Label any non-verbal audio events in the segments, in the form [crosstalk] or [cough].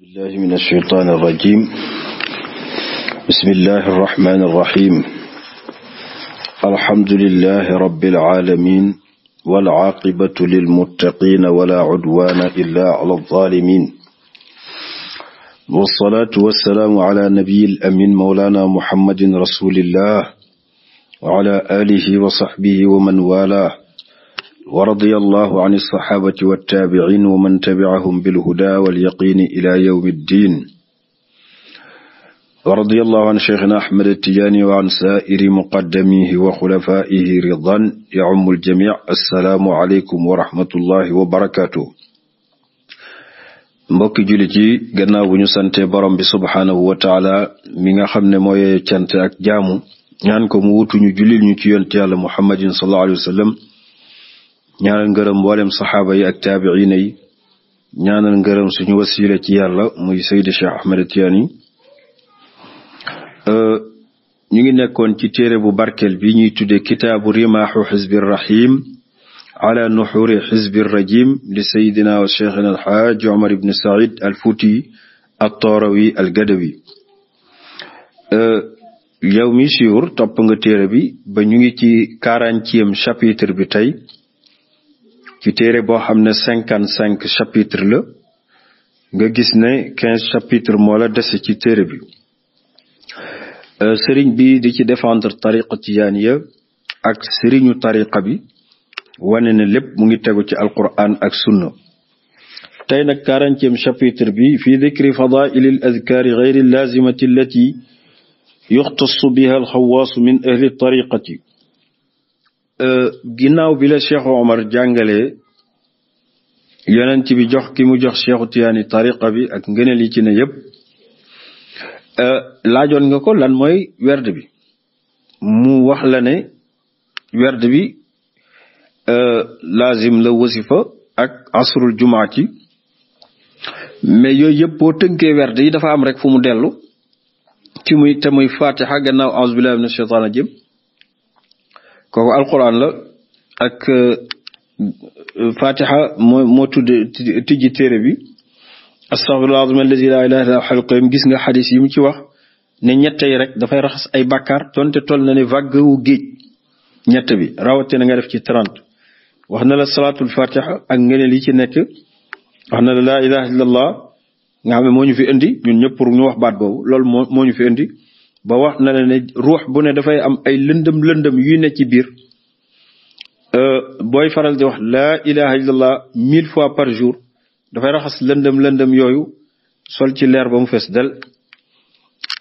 بالله من الشيطان الرجيم بسم الله الرحمن الرحيم الحمد لله رب العالمين والعاقبة للمتقين ولا عدوان إلا على الظالمين والصلاة والسلام على نبي الأمين مولانا محمد رسول الله وعلى آله وصحبه ومن والاه ورضي الله عن الصحابة والتابعين ومن تبعهم بالهدى واليقين إلى يوم الدين ورضي الله عن شيخنا أحمد التجاني وعن سائر مقدميه وخلفائه رضا يعم الجميع السلام عليكم ورحمة الله وبركاته mbokki jullit yi gannaaw bu ñu sante borom bi subhaanahu wa taala mi nga xam ne mooy cant ak jaamu ñaan ko mu wutuñu julil ñu ci yonte yàlla muhammadin sallallahu alayhi wa sallam ñaanal ngërëm mboolem saxaaba yi ak taabiina yi ñaanal ngërëm suñu wasiila ci yàlla muy seyd Cheikh Ahmed Tidiane euh, ñu ngi nekkoon ci téere bu barkel bi ñuy tudde kitaabu rimaaxu xizbi rahim ala nuxuri xizbi rajim li sayidina wa cheikhina alxaaj omar ibn said al fuuti al toorawi al gadawi euh, yow mi suur topp nga téere bi ba ñu ngi ci quarantième chapitre bi tey ci téere boo xam ne cinquante cinq chapitre la nga gis ne quinze chapitre mola dese ci téere bi euh, sëriñ bi di ci défendre tariqa tijaaniya ak sëriñu tariqa bi wane ne lépp mu ngi tegu ci alquran ak sunna te nag quarantième chapitre bi fi dikri fadaili al adkaari gayri lazimati allati yuxtassu biha alxawaasu min ahli tariqati Euh, ginnaaw bi la cheikhu omar jàngalee yonent bi jox ki mu jox cheikhu tiyaani tariqa bi ak ngëneel yi ci na yépp euh, laajoon nga ko lan mooy werd bi mu wax la ne werd bi euh, laazim la wasifa ak asrul jumaa ci mais yooyu yëpp boo tënkee werd yi dafa am rek fu mu dellu ci muy te muy fatiha gannaaw auzu billahi mina shaytaani rajim kooku alquran la ak euh, euh, fatiha moo moo tudd tijji téere bi astaghfirullah azim alladi la ilaha illa huwal gis nga xadis yi mu ci wax ne ñett rek dafay raxas ay bàkkaar tonte toll na ne vague wu géej ñett bi rawatina nga def ci trente wax na la salaatul fatiha ak ngeneen yi ci nekk wax na la laa ilaha illa allah nga xam ne moo ñu fi indi ñun ñëpp pour ñu wax baat boobu lool moo ñu fi indi ba wax na ne ruux bu dafay am ay lëndëm lëndëm yu ne ci biir euh, booy faral di wax laa ilaha illallah mille fois par jour dafay raxas lëndëm lëndëm yooyu sol ci leer ba mu fees dal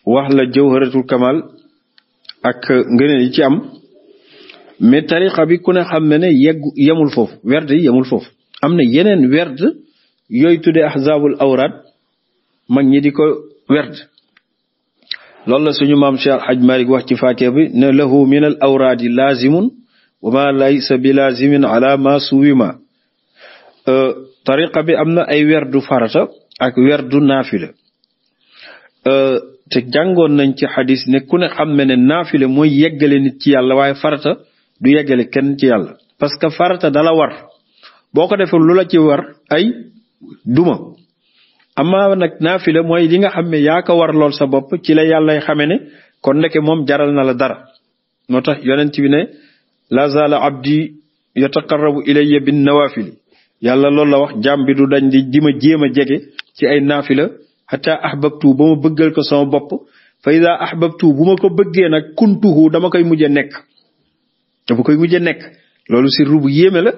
wax la jawharatul kamal ak ngëneel ci am mais tariqa bi ku ne xam ne ne yeggu yemul foofu werd yi yemul foofu am na yeneen werd yooyu tuddee ahzaabul awraad mag ñi di ko werd loolu la suñu maam Cheikh Haj Malik wax ci faatiha bi ne lahu min al awraadi laazimun wa ma laysa bi laazimin ala ma suwima euh, tariqa bi am na ay werdu farata ak werdu naafila euh, te jàngoon nañ ci xadis ne ku ne xam ne ne naafile mooy yeggale nit ci yàlla waaye farata du yeggale kenn ci yàlla parce que farata dala war boo ko defee lu la ci war ay duma amma nag naafila mooy li nga xam ne yaa ko war lool sa bopp ci la yàllay xame ne kon ndeke moom jaral na la dara moo tax yonent bi ne la zala abdi yataqarrabu ilayya bin nawafili yàlla loolu la wax jaam bi du dañ di di jéem a jege ci ay naafila xata ahbabtu ba ma bëggal ko sama bopp fa ida ahbabtu bu ma ko bëggee nag kuntuhu dama koy mujj a nekk dama koy mujje nekk loolu si bu yéeme la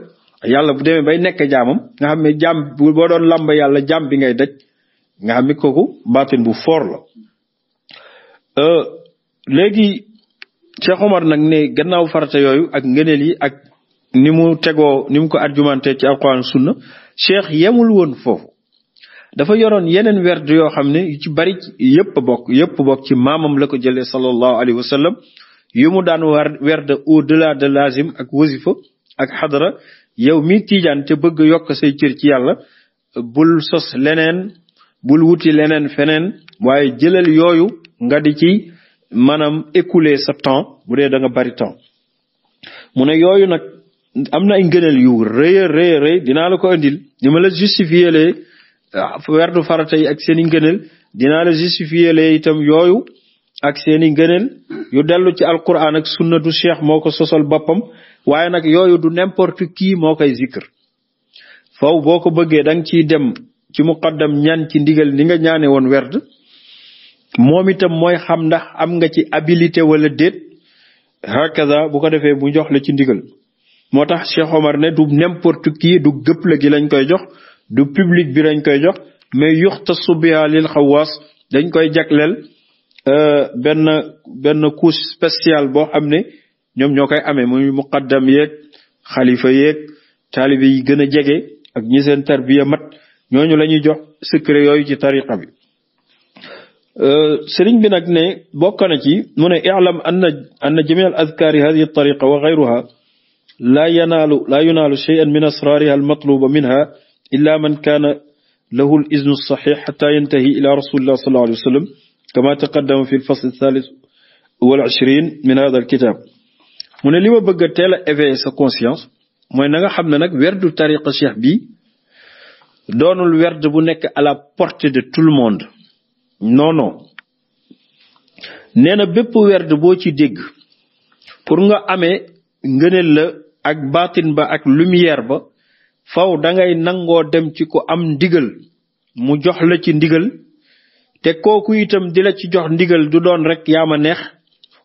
yàlla bu demee bay nekk jaamam nga xam ne jaam boo doon làmb yàlla jaam bi ngay daj nga xam ni kooku baatin bu foor la euh, léegi Cheikh Omar nag ne gannaaw farata yooyu ak ngëneel yi ak ni mu tegoo ni mu ko argumenté ci alquran sunna Cheikh yemul woon foofu dafa yoroon yeneen werd yoo xam ne yu ci bari yëpp bokk yëpp bokk ci maamam la ko jëlee sallallahu alayhi wa sallam yu mu daan war werd au delà de lazim ak wasifa ak xadara yow mi tiijaan te bëgg yokk say cër ci yàlla bul sos leneen bul wuti leneen feneen waaye jëlal yooyu nga di ci maanaam écouler sa temps bu dee da nga bari temps mu ne yooyu nag am na ay ngëneel yu rëy a rëy a dinaa la ko indil ni ma la justifier le ah, werdu farata ak seen i ngëneel dinaa la justifier le itam yooyu ak seeni i yu dellu ci alquran ak sunna du cheikh moo ko sosal boppam waaye nag yooyu du n'importe qui moo koy zikr faw bëggee da nga dem ci muqaddam ñaan ci ndigal ni nga ñaane woon werd moom itam mooy xam ndax am nga ci habilité wala déet hakaza bu ko defee bu jox la ci ndigal moo tax Cheikh Omar ne du n'importe qui du gëp la gi lañ koy jox du public bi lañ koy jox mais yuxtasu biha lil xawaas dañ koy jagleel euh, benn benn couche spéciale boo xam ne ñoom ñoo koy amee muy muqaddam yeeg xalifa yeeg taalibe yi gën a jege ak ñi seen tarbiya mat ñooñu la ñuy jox secret yooyu ci tariqa bi euh, sëriñ bi nag ne bokk na mu ne i'lam anna anna jami al azkaari hadihi tariqa wa gayruha laa yanaalu laa yunaalu shay'an min asraariha almatluba minha illa man kaana lahu al iznu saxiix xata yantahi fi lfasl althalith wal ishrin min mu ne li ma bëgg a teel sa conscience mooy na nga xam ne nag werdu tariqa cheikh bi doonul werd bu nekk à la portée de tout le monde noono non nee na bépp werd boo ci dégg pour nga amee ngëneel la ak baatin ba ak lumière ba fow dangay nangoo dem ci ko am ndigal mu jox la ci ndigal te kooku itam di la ci jox ndigal du doon rek yaa ma neex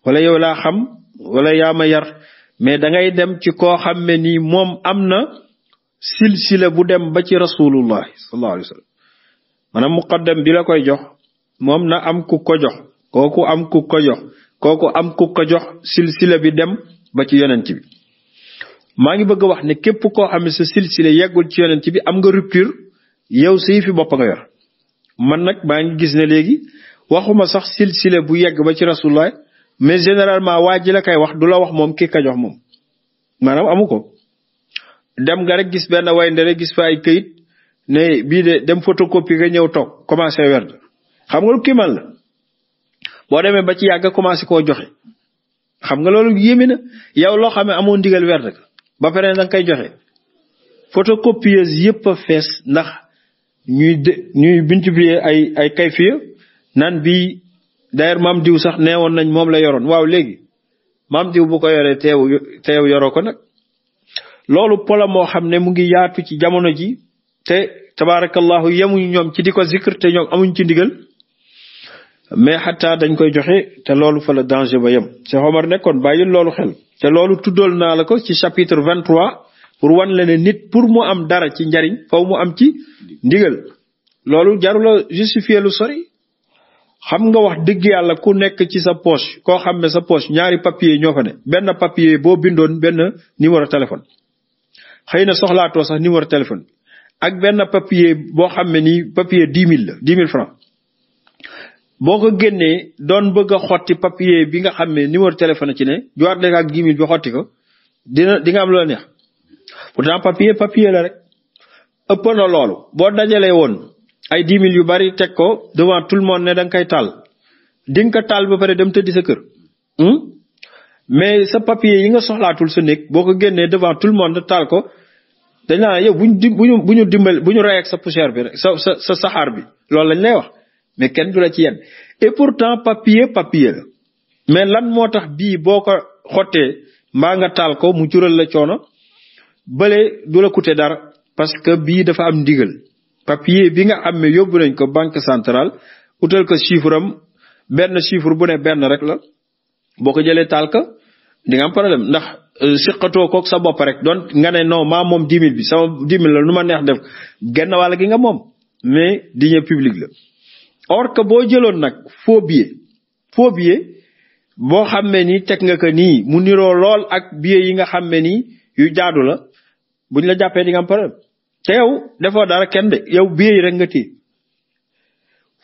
wala yow laa xam wala yaa ma yar mais dangay dem ci koo xam ne nii moom am na silsila bu dem ba ci rasulullah sallallahu alayhi wa maanaam muqaddam bi la koy jox moom na am ku ko jox kooku am ku ko jox kooku am ku ko jox silsila bi dem ba ci yonent bi maa ngi bëgg a wax ne képp koo xam ne sa silsila yeggul ci yonent bi am nga rupture yow si fi bopp nga yor man nag maa ngi gis ne léegi waxuma sax silsila bu yegg ba ci rasulullah mais généralement waa ji la koy wax du la wax moom ki ka jox moom maanaam amu ko dem nga rek gis benn way ndere gis fa ay këyit ne bii de dem photocopie nga ñëw toog commencé werd xam nga lu kiimal la boo demee ba ci yàgg commencé koo joxe xam nga loolu yéeme na yow loo xam ne amoo ndigal werd ka ba pare da nga koy joxe photocopieuse yëpp fees ndax ñuy de ñuy multiplier ay ay kayfiya nan bi d'ailleurs maam diw sax neewoon nañ moom la yoroon waaw léegi maam diw bu ko yoree teew teew yoroo ko nag loolu pola moo xam ne mu ngi yaatu ci jamono ji te tabaarakallahu yemuñu ñoom ci di ko zikr amuñ ci ndigal mais xataa dañ koy joxe te loolu fa la danger ba yem Cheikh Omar nekkoon bàyyil loolu xel te loolu tuddool naa la ko ci chapitre 23 pour wan la ne nit pour mu am dara ci njariñ faw mu am ci ndigal loolu jarula justifier lu sori xam nga wax dëgg yàlla ku nekk ci sa poche koo xam ne sa poche ñaari papier ñoo fa ne benn papier boo bindoon benn numéro téléphone xëy na soxlaato sax numéro téléphone ak benn papier boo xam ne nii papier dix mille la dix mille francs boo ko génnee doon bëgg xotti papier bi nga xam ne numéro téléphone ci ne jowaat léegi ak dix mille bi xotti ko dina di nga am loo neex pourtant papier papier la rek ëpp na loolu boo dajalee woon ay dix yu bari teg ko devant tout le monde ne da nga koy taal di ko taal ba pare dem tëddi sa kër. Hmm? mais sa papier yi nga soxlaatul sa néeg boo ko génnee devant tout le monde taal ko dañ naa yow bu ñu di bu ñu bu ñu dimbali bu ñu rey sa poussière bi rek sa sa sa saxaar bi loolu lañ lay wax mais kenn du la ci yenn et pourtant papier papiye la mais lan moo tax bii boo ko xottee mbaa nga taal ko mu jural la coono bële du la coûter dara parce que bii dafa am ndigal papier bi nga amee yóbbu nañ ko banque centrale utal ko chiffre am benn chiffre bu ne benn rek la boo ko jëlee taal di nga am problème ndax euh, siqatoo kook sa bopp rek doon nga ne non maa moom dix bi sama dix mille la nu ma neex def genn wàll gi nga moom mais deniers publics la or que boo jëloon nag faux billet faux billet boo xam ne ni teg nga ko nii mu niroo lool ak billet yi nga xam ne nii yu jaadu la buñ la jàppee di nga am problème te yow defoo dara kenn de yow billet yi rek nga téye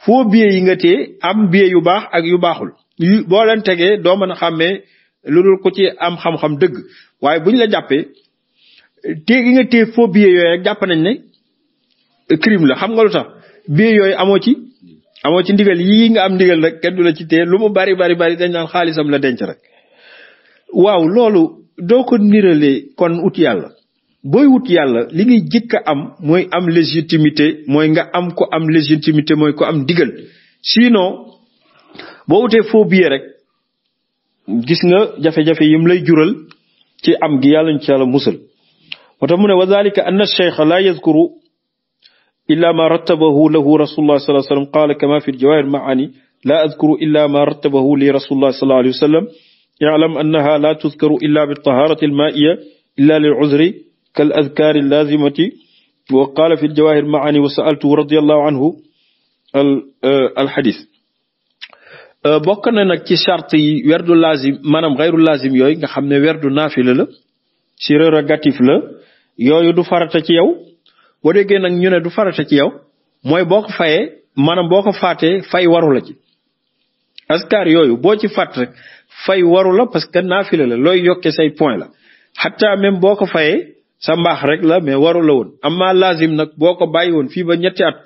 faux billet yi nga téye am billet yu baax ak yu baaxul yu leen tegee doo mën lu dul ku ci am xam-xam dëgg waaye buñ la jàppee téye gi nga téye faux billet yooyu rek jàpp nañ ne crime la xam nga lu tax billet yooyu amoo ci amoo ci ndigal yii nga am ndigal rek kenn du la ci téye lu mu bari bari bari dañ naan xaalisam la denc rek waaw loolu doo ko niralee kon wut yàlla booy wut yàlla li ngay jëkk a am mooy am légitimité mooy nga am ko am légitimité mooy ko am ndigal sinon boo wutee faux billet rek gis nga jafe-jafe yim lay jural ci am gi yàlla ñu ci yàlla musal moo tax mu ne wa dalika anna cheikha la yadkuru illa ma rattabahu lahu rasulullah sallallahu alayhi wa sallam qala kama fi ljawahir maani la adkuru illa ma rattabahu li rasulullah sallallahu alayhi wa sallam i'lam annaha la tuzkaru illa biltaharati almaiya illa lil uzri kal adkar allazimati wa qala fi ljawahir maani wa sa'altuhu radiyallahu anhu al al hadith Euh, bokk na nag ci charte yi werdu lazim maanaam xayru lazim yooyu nga xam ne werdu naafila la surrogatif la yooyu du farata ci yow boo déggee nag ñu ne du farata ci yow mooy boo ko fayee maanaam boo ko faatee fay warula ci askar yooyu boo ci fàtt fay waru la parce que naafila looy yokkee say point la xataa même boo ko fayee sa mbaax rek la mais waru la woon amma lazim nag boo ko bàyyi woon fii ba ñetti at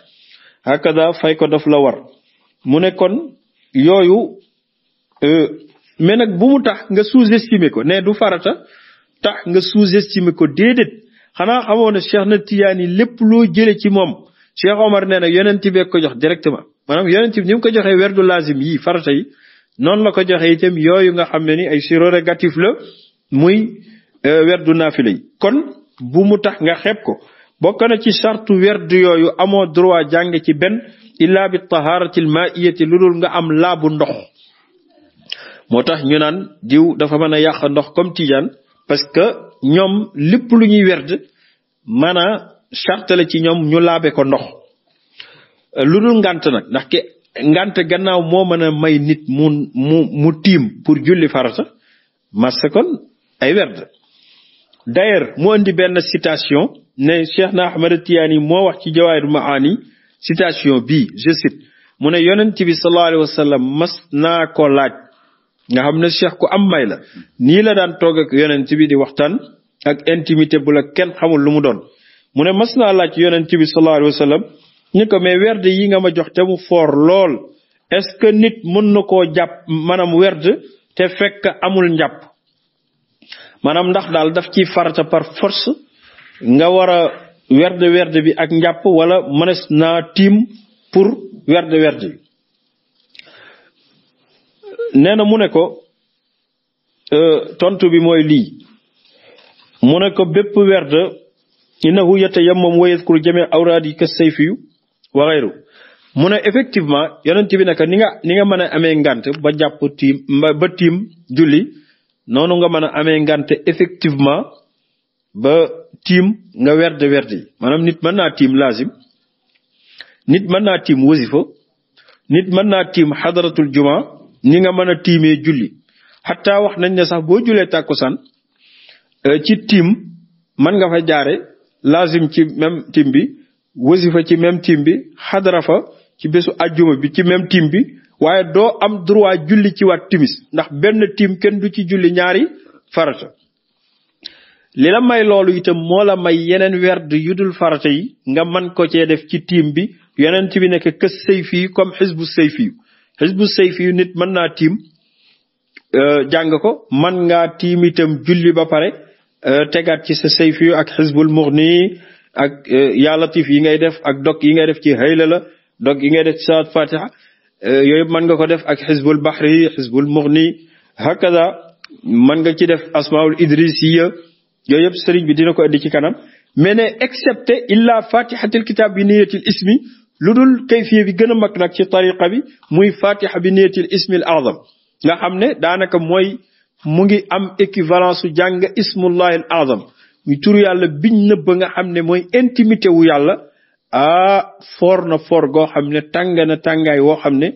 hakada fay ko daf la war mu ne yooyu euh, mais nag bu mu tax nga sous-estimer ko ne du farata tax nga sous-estimer ko déedéet xanaa xamoo ne Cheikh na Tijaani lépp loo jëlee ci moom Cheikh Omar nee na yonent bee ko jox directement maanaam yonent bi ni mu ko joxee werdu lazim yi farata yi noonu la ko joxee itam yooyu nga xam ne ni ay surrogatif la muy euh, werdu naafila yi kon bu mu tax nga xeeb ko boo na ci sartu werdu yooyu amoo droit jàng ci benn illa bi taharati al lu dul nga am laabu ndox moo tax ñu naan diw dafa mën a yàq ndox comme tijaan parce que ñoom lépp lu ñuy werd mën a charte ci ñoom ñu laabe ko ndox lu dul ngant nag ndax ke ngant gannaaw moo mën a may nit mu mu mu tiim pour julli farata mas kon ay werd d'ailleurs mu indi benn citation ne Cheikh na Ahmad Tiyaani moo wax ci Jawaahirul Maani citation bi je cite mu ne yonent bi sallallahu alayhi wa sallam mas naa ko laaj nga xam ne cheikh ku am may la nii la daan toog ak yonent bi di waxtaan ak intimité bu la kenn xamul lu mu doon mu ne mas naa laaj yonent bi sallallahu alayhi wa sallam ni ko mais werd yi nga ma jox te mu foor lool est-ce que nit mën na ko jàpp maanaam werd te fekk amul njàpp maanaam ndax daal daf ciy farata par force nga war werde werde bi ak njàpp wala mënees naa tiim pour werde werde bi nee na mu ne ko euh, tontu bi mooy lii mu ne ko bépp werde innahu yatayammam wa yadkuru jami' awraadi ka sayfiyu wa xayru mu ne effectivement yonent bi naka ni nga ni nga mën a amee ngant ba jàpp tiim ba tiim julli noonu nga mën a amee ngant effectivement ba tiim nga werd werd yi maanaam nit mën naa tiim laazim nit mën naa tiim wasifa nit mën naa tiim xadaratul juma ni nga mën a tiimee julli xataa wax nañ ne sax boo julee tàkkusaan euh, ci tiim mën nga fa jaare laazim ci même tiim bi wasifa ci même tiim bi xadara fa ci bésu ajjuma bi ci même tiim bi waaye doo am droit julli ci waat timis ndax benn tiim kenn du ci julli ñaari farata li la may loolu itam moo la may yeneen weer yu dul farata yi nga man ko cee def ci tiim bi yeneen bi nekk kës sayfi yu comme xisbu sayfi yu xisbu sayfi yu nit mën naa tiim euh, jàng ko man ngaa tiim itam julli ba pare euh, tegaat ci sa sayfi yu ak xisbul mughni ak euh, yaa latif yi ngay def ak dog yi ngay def ci hayla la dog yi ngay def ci saat fatiha yooyu mën nga ko def ak xisbul bahri xisbul mughni hakaza mën nga ci def asmaul idrisiya yooyu yëpp sëriñ bi dina ko indi ci kanam mais ne excepté illa fatihatil kitab bi niyatil ismi lu dul kayfiya bi gën a mag nag ci tariqa bi muy fatiha bi niyatil ismi al azam nga xam ne daanaka mooy mu ngi am équivalence su jàng ismullahi al azam muy turu yàlla biñ nëbb nga xam ne mooy intimité wu yàlla ah foor na foor goo xam ne tàng na tàngaay woo xam ne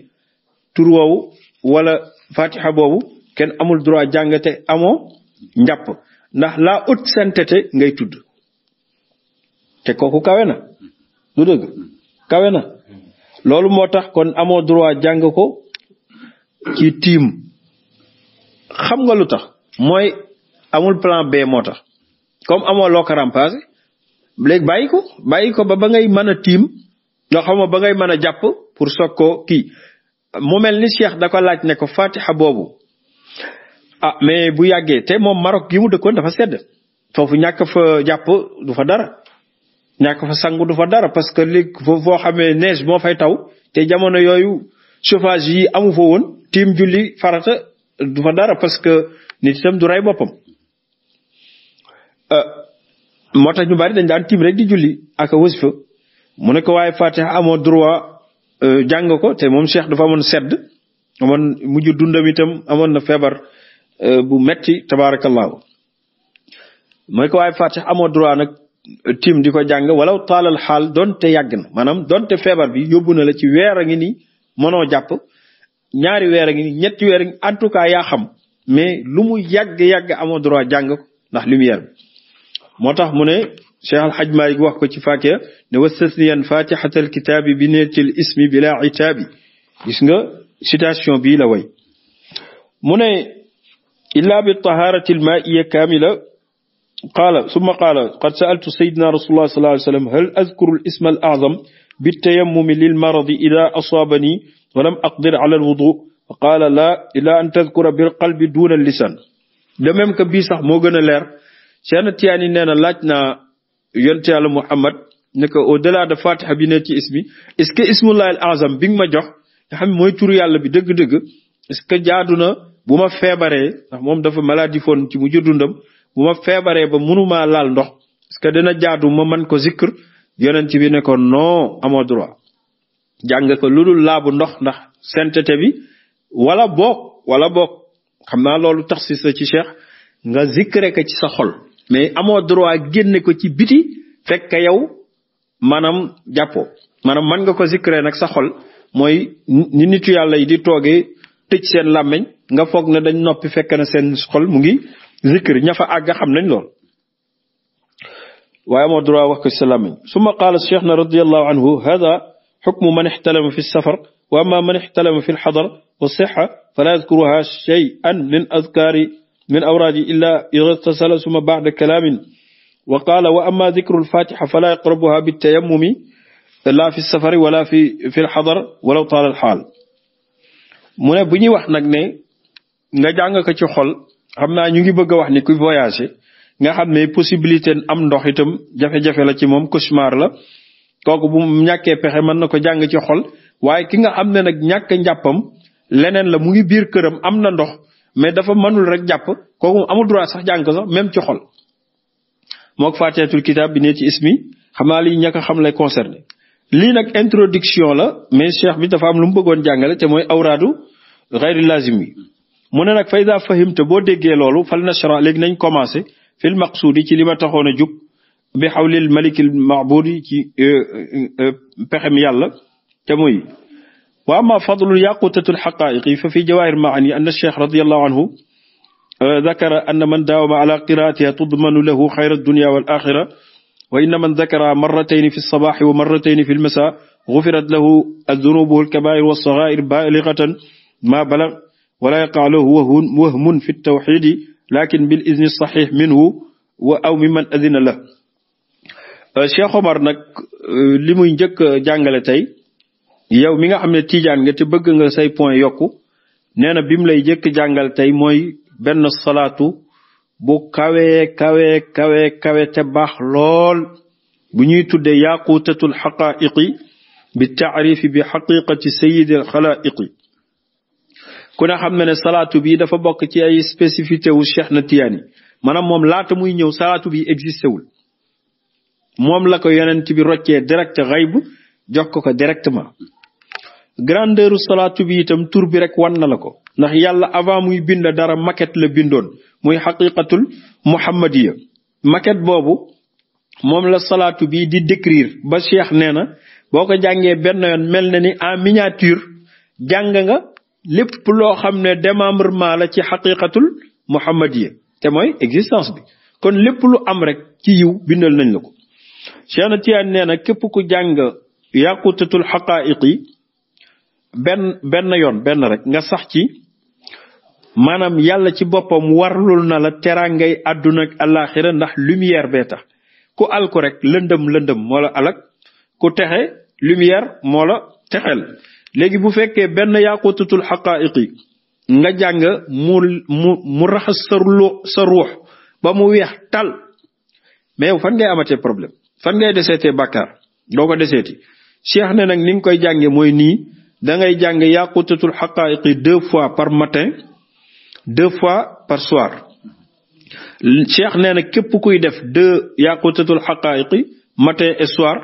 tur woowu wala fatiha boobu kenn amul droit jàngate amoo njàpp ndax la haute sainteté ngay tudd te kooku kawe na du dëgg kawe na loolu moo tax kon amoo droit jàng ko ci tiim xam nga lu tax mooy amul plan B moo tax comme amoo loo ko remplacé léegi bàyyi ko bàyyi ko ba ba ngay mën a tiim nga xam ba ngay mën a jàpp pour soog koo kii mu mel ni Cheikh da ko laaj ne ko fatiha boobu ah mais bu yàggee te moom Maroc gi mu dëkkoon dafa sedd foofu ñàkk fa jàpp du fa dara ñàkk fa sangu du fa dara parce que li foofu foo xamee neige moo fay taw te jamono yooyu chauffage yi amu fa woon tiim julli farata du fa dara parce que nit itam du rey boppam euh, moo tax ñu bari dañ daan tiim rek di julli ak a fa mu ne ko waaye Fatiha amoo droit euh, jàng ko te moom Cheikh dafa amoon sedd amoon mujj dundam itam amoon na feebar Euh, bu metti tabaarakallaahu mooy ko waaye Faatiha amoo droit nag euh, tiim di ko jàng walaw taalal xaal donte yàgg na maanaam donte feebar bi yóbbu na la ci weer a ngi nii mënoo jàpp ñaari weer a ngi nii ñetti weer a ngi en tout cas yaa xam mais lu mu yàgg-yàgg amoo droit jàng ko ndax lumière bi moo tax mu ne cheikh alhaj Malik wax ko ci Faatiha ne wastasniyan fatihatal kitaabi bi neetil ismi bila itaabi gis nga citation bii la way mu ne illaa bi taharati al maaiya kaamila qaala summa qaala qad saaltu sayidina rasulullah sallallahu alayhi wa sallam hal azkuru al isma al azam bi tayammumi lil maradi ida asaabani wa lam aqdir ala al wudu fa qaala laa illa an tadkura bil qalbi duna al lisan de même que bii sax moo gën a leer Cheikh Tijaan nee na laaj naa yonte yàlla Muhammad ne que au delà de fatiha bi ne ci ismi est ce que ismullahi al azam bi nga ma jox nga xam mooy turu yàlla bi dëgg-dëgg est ce que jaadu na bu ma feebaree ndax moom dafa maladie foon ci mujj dundam bu ma feebaree ba mënumaa laal ndox parce que dina jaadu ma man ko zikr yonent ci ne ko non amoo droit jàng ko lu dul laabu ndox ndax sainteté bi wala boog wala boog xam naa loolu tax si sa ci cheikh nga zikre ko ci sa xol mais amoo droit génne ko ci biti fekk yow maanaam jàppoo maanaam man nga ko zikre nag sa xol mooy ni nitu yàlla yi di toogee tëj seen làmmiñ nga foog ne dañ noppi fekk na seen xol mu ngi zikr ña fa àgg xam nañ lool waaye amoo droit wax ko si làmmiñ summa qaala cheikhna radiallahu anhu hada xukmu man ixtalama fi safar wa amma man ixtalama fi lxadar wa sixa fala yadkuruha cheyan min adkaari min awraadi illa ida tasala summa baada kalaamin wa qaala wa amma dikru lfatixa fala yaqrabuha bitayamumi la fi safari wala fi fi lxadar walaw taala alxaal mu ne bu ñuy wax nag ne nga jàng ko ci xol xam naa ñu ngi bëgg a wax ni kuy voyager nga xam ne possibilité am ndox itam jafe-jafe la ci moom cauchemar la kooku bu ñàkkee pexe mën na ko jàng ci waaye ki nga xam ne nag ñàkk njàppam leneen la mu ngi biir këram am na ndox mais dafa mënul rek jàpp kooku amul sax jàng ko sax même ci xol moo ko fàtteetul kitaab bi ne ci ismi xam naa lii ñàkk a xam lay concerné lii nag introduction la mais cheikh bi dafa am lu mu bëggoon jàngale te mooy awraadu xayri lazim yi mu ne nag fa ida fahimta boo déggee loolu fal nashra léegi nañ commencé fil maqsuudi ci li ma taxoon a jub bi xawlil malikil maabudi ci euh, euh, euh, pexem yàlla te muy wa ama fadlul yaqutatul xaqaiqi fa fi jawahir maani anna cheikh radiallahu anhu dakara anna man daawama ala qiraatiha tudmanu lahu xayra dunia wal axira wa inna man dakara marratayn fi lsabaxi wa marratayn fi lmasa gufirat lahu adunubuhu alkabair walsaxair baligatan ma balag wala yaqaalu wahun wahmun fi tawxidi lakin bil izni saxiix minhu wa aw mi man adina la euh, Cheikh Omar nag euh, li muy njëkk jàngale tey yow mi nga xam ne tiijaan nga te bëgg nga say point yokku nee na bi mu lay njëkk jàngal tey mooy benn salaatu bu kawee kawe kawe kawe te baax lool bu ñuy tuddee yaquutatul xaqaaiqi bi taarifi bi xaqiqati sayidi alxalaiqi ku ne xam na ne salaatu bii dafa bokk ci ay spécificité wu Cheikh na Tiyaani maanaam moom laata muy ñëw salaatu bi existé wul moom la ko yonent bi roccee direct xayb jox ko ko directement grandeur salaatu bi itam tur bi rek wan na la ko ndax yàlla avant muy bind dara maquette la bindoon muy xaqiqatul muhammadiya maquette boobu moom la salaatu bi di décrire ba Cheikh nee na boo ko jàngee benn yoon mel na ni en miniature jàng nga lépp loo xam ne démembrement la ci xaqiqatul muhammadiya te mooy existence bi kon lépp lu am rek ci yiw bindal nañ la ko Cheikh na Tiyaan nee na képp ku jàng yàqutatul xaqaayiq yi benn benn yoon benn rek nga sax ci maanaam yàlla ci boppam warlul na la teraangay àdduna ak ndax lumière bee tax ku al rek lëndëm lëndëm moo la alak ku texe lumière moo la texel léegi bu fekkee benn yaqutatul xaqaa'iqi nga jàng mu mu mu raxas sa ruux sa ruux ba mu weex tal mais fan ngay amatee problème fan ngay deseetee bàkkaar doo ko deseeti cheikh ne nag ni nga koy jàngee mooy nii da ngay jàng yaqutatul xaqaa'iqi deux fois par matin deux fois par soir cheikh nee na képp kuy def deux yaqutatul xaqaa'iqi matin et soir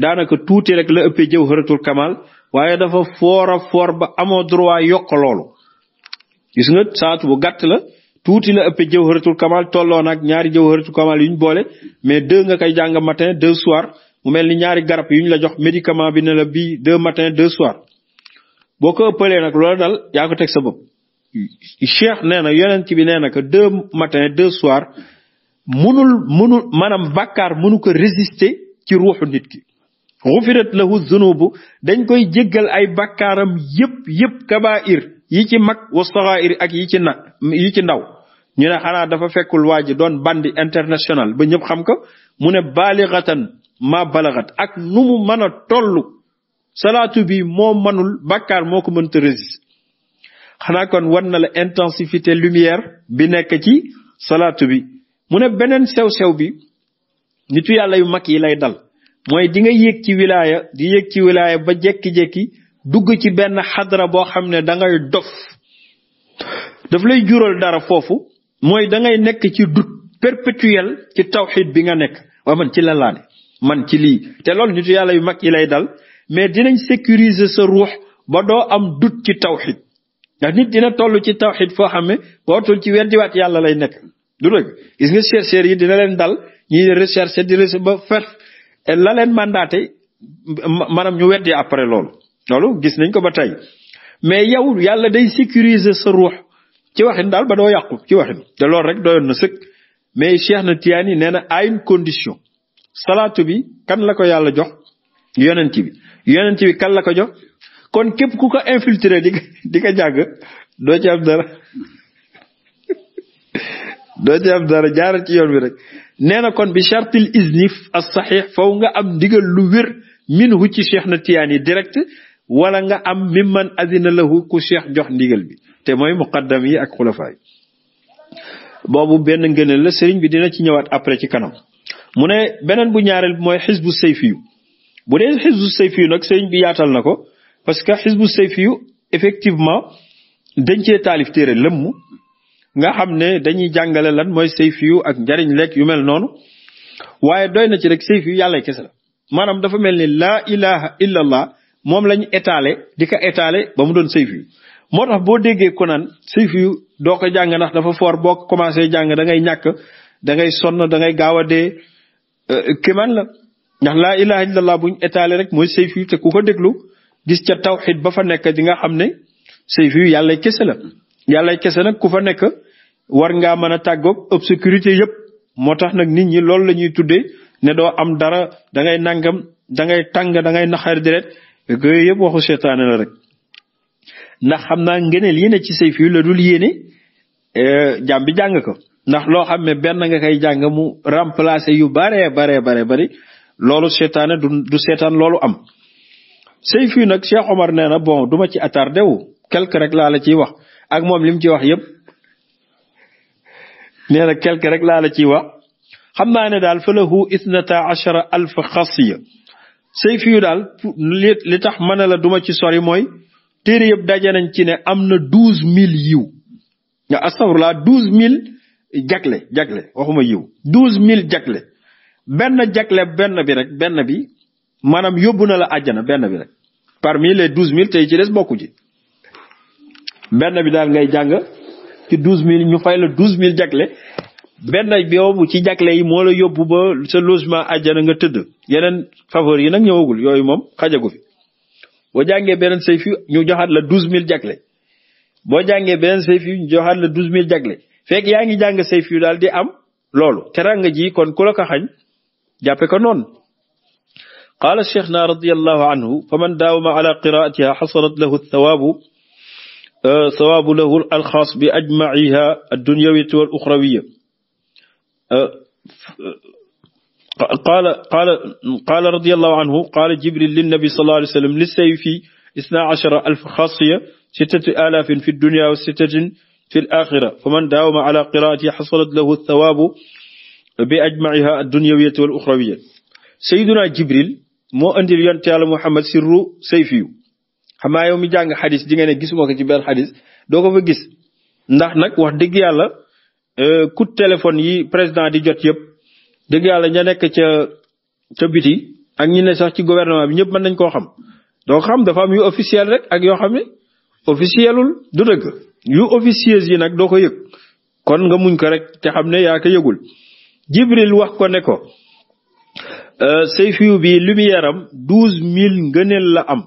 daanaka tuuti rek la ëppee jawharatul kamal waaye dafa foor a foor ba amoo droit yokk loolu gis nga saatu bu gàtt la tuuti la ëppee jawharatul kamal tolloo nag ñaari jawharatul kamal yu ñu boole mais deux nga koy jàng matin deux soir mu mel ni ñaari garab yu ñu la jox médicament bi ne la bii deux matin deux soir boo ko ëppalee nag loola dal yaa ko teg sa bopp cheikh nee na yonent bi nee na que deux matin deux soir munul munul maanaam bàkkaar munu ko résister ci ruuxu nit ki xufirat lahu zunubu dañ koy jéggal ay bakkaaram yëpp yëpp kabair yi ci mag wa saxair ak yi ci na yi ci ndaw ñu ne xanaa dafa fekkul waa ji doon bandi international ba ñëpp xam ko mu ne baalixatan ma balaxat ak nu mu mën a toll salaatu bi moo manul bakkaar moo ko mënta résister xanaa kon war na la intensité lumière bi nekk ci salaatu bi mu ne beneen sew-sew bi nitu yàlla yu mag yi lay dal mooy di nga yéeg ci wilaaya di yéeg ci wilaaya ba jékki-jékki dugg ci benn xadara boo xam ne da ngay dof daf lay jural dara foofu mooy da ngay nekk ci dut perpétuel ci tawxid bi nga nekk waa man ci lan man ci lii te loolu nitu yàlla yu mag yi lay dal mais dinañ sécuriser sa ruux ba doo am dut ci tawxid ndax nit dina toll ci tawxid foo xam ne bootul ci weddiwaat yàlla lay nekk du dëgg gis nga chercheurs yi dina leen dal ñuy recherche di recherche la leen mandaté maanaam ñu weddi après lool loolu gis nañ ko ba tey mais yow yàlla day sécuriser sa ruux ci waxin daal ba doo yàqu ci waxin te loolu rek doyoon na sëkk mais Cheikh na Tiyaani nee na à condition salaatu bi kan la ko yàlla jox yonent bi yonent bi kan la ko jox kon képp ku ko infiltré di di ko jàng doo ci am dara [laughs] doo ci am dara jaaral ci yoon wi rek nee na kon bi chartil isnif as saxiix faw nga am ndigal lu wér minhu ci cheikh na tiyaan yi direct wala nga am mimman azina lahu ku cheikh jox ndigal bi te mooy muqaddam yi ak xulafa boobu benn ngëneel la sëriñ bi dina ci ñëwaat après ci kanam mu ne beneen bu ñaareel mooy xisbu sayfiyu bu dee xisbu sayfiyu nag sëriñ bi yaatal na ko parce que xisbu sayfiyu effectivement dañ cee taalif téere lëmm nga xam ne dañuy jàngale lan mooy sayfiyu ak njariñ lekk yu mel noonu waaye doy na ci rek sayfiyu yàlla kese maanaam dafa mel ni laa illa allah moom lañu étalé di ko étalé ba mu doon sayfiyu moo tax boo déggee ko naan sayfiyu doo ko jàng ndax dafa foor boo ko commencé jàng da ngay ñàkk da ngay sonn da ngay gaaw a dee euh, kéemaan la ndax laa ilaha illa allah buñ étalé rek mooy sayfiyu te ku ko déglu gis ca tawxid ba fa nekk di nga xam ne sayfiyu yàlla kese la yàlla kese na ku fa nekk war ngaa mën a tàggoog obscurité yëpp moo tax nag nit ñi loolu la ñuy tuddee ne doo am dara da ngay nangam da ngay tàng da ngay naxar deret yooyu yëpp waxu seetaane la rek ndax xam naa ngeneel ne ci say fii la dul yéene eh, jàmm bi jàng ko ndax loo xam ne benn nga koy jàng mu remplacer yu baree baree bare bari loolu seetaane du du seetaan loolu am say fii nag Cheikh Omar nee na bon du ma ci attardé wu quelque rek laa la ciy wax ak moom li mu ci wax yëpp nee na quelque rek laa la ciy wax xam naa ne daal falahu isnata achara alfa xasiya say fiyu daal li tax mën a la duma ci sori mooy téere yëpp daje nañ ci ne am na douze mille yiw nga astafurlaa douze mille jagle jagle waxuma yiw douze mille jagle benn jagle benn bi rek benn bi maanaam yóbbu na la àjjana benn bi rek parmi les douze mille tey ci des bokku ci benn bi daal ngay jàng ci douze mille ñu fay la douze mille jagle benn boobu ci jagle yi moo la yóbbu ba sa logement àjjana nga tëdd yeneen faveur yi nag ñëwagul yooyu moom xajagu fi boo jàngee beneen say fi ñu joxaat la douze mille jagle boo jàngee beneen say fi ñu joxaat la douze mille jagle fekk yaa ngi jàng say fi daal di am loolu teranga ji kon ku la ko xañ jàppe ko noonu qaala cheikhna anhu fa man daawama ala qiraatiha xasalat lahu thawaabu Euh, sawaabu lahu alxaas bi ajmaiha adduniyawiyati wal uxrawiya euh, qaala qaala qaala radiyallahu anhu qaala jibril linnabi sallallahu alayhi wa sallam li sayfi isna achara alf xaasiya sittatu alaafin fi dunya wa sittatin fi l axira fa man daawama ala qiraati xasalat lahu thawaabu bi ajmaiha adduniyawiyati wal uxrawiya sayiduna jibril moo andil yonte yàlla muhammad sirru sayfiyu xam naa yow mi jàng xadis di nga ne gisuma ko ci benn xadis doo ko fa gis ndax nag wax dëgg yàlla euh, coup de téléphone yi président di jot yëpp dëgg yàlla ña nekk ca ca biti ak ñi ne sax ci gouvernement bi ñëpp mën nañ koo xam doo xam dafa am yu officiel rek ak yoo xam ne officielul du dëgg yu officieuse yi nag doo ko yëg kon nga muñ ko rek te xam ne yaa ko yëgul jibril wax ko ne ko euh, sayfiyu bi lumière am douze mille ngëneel la am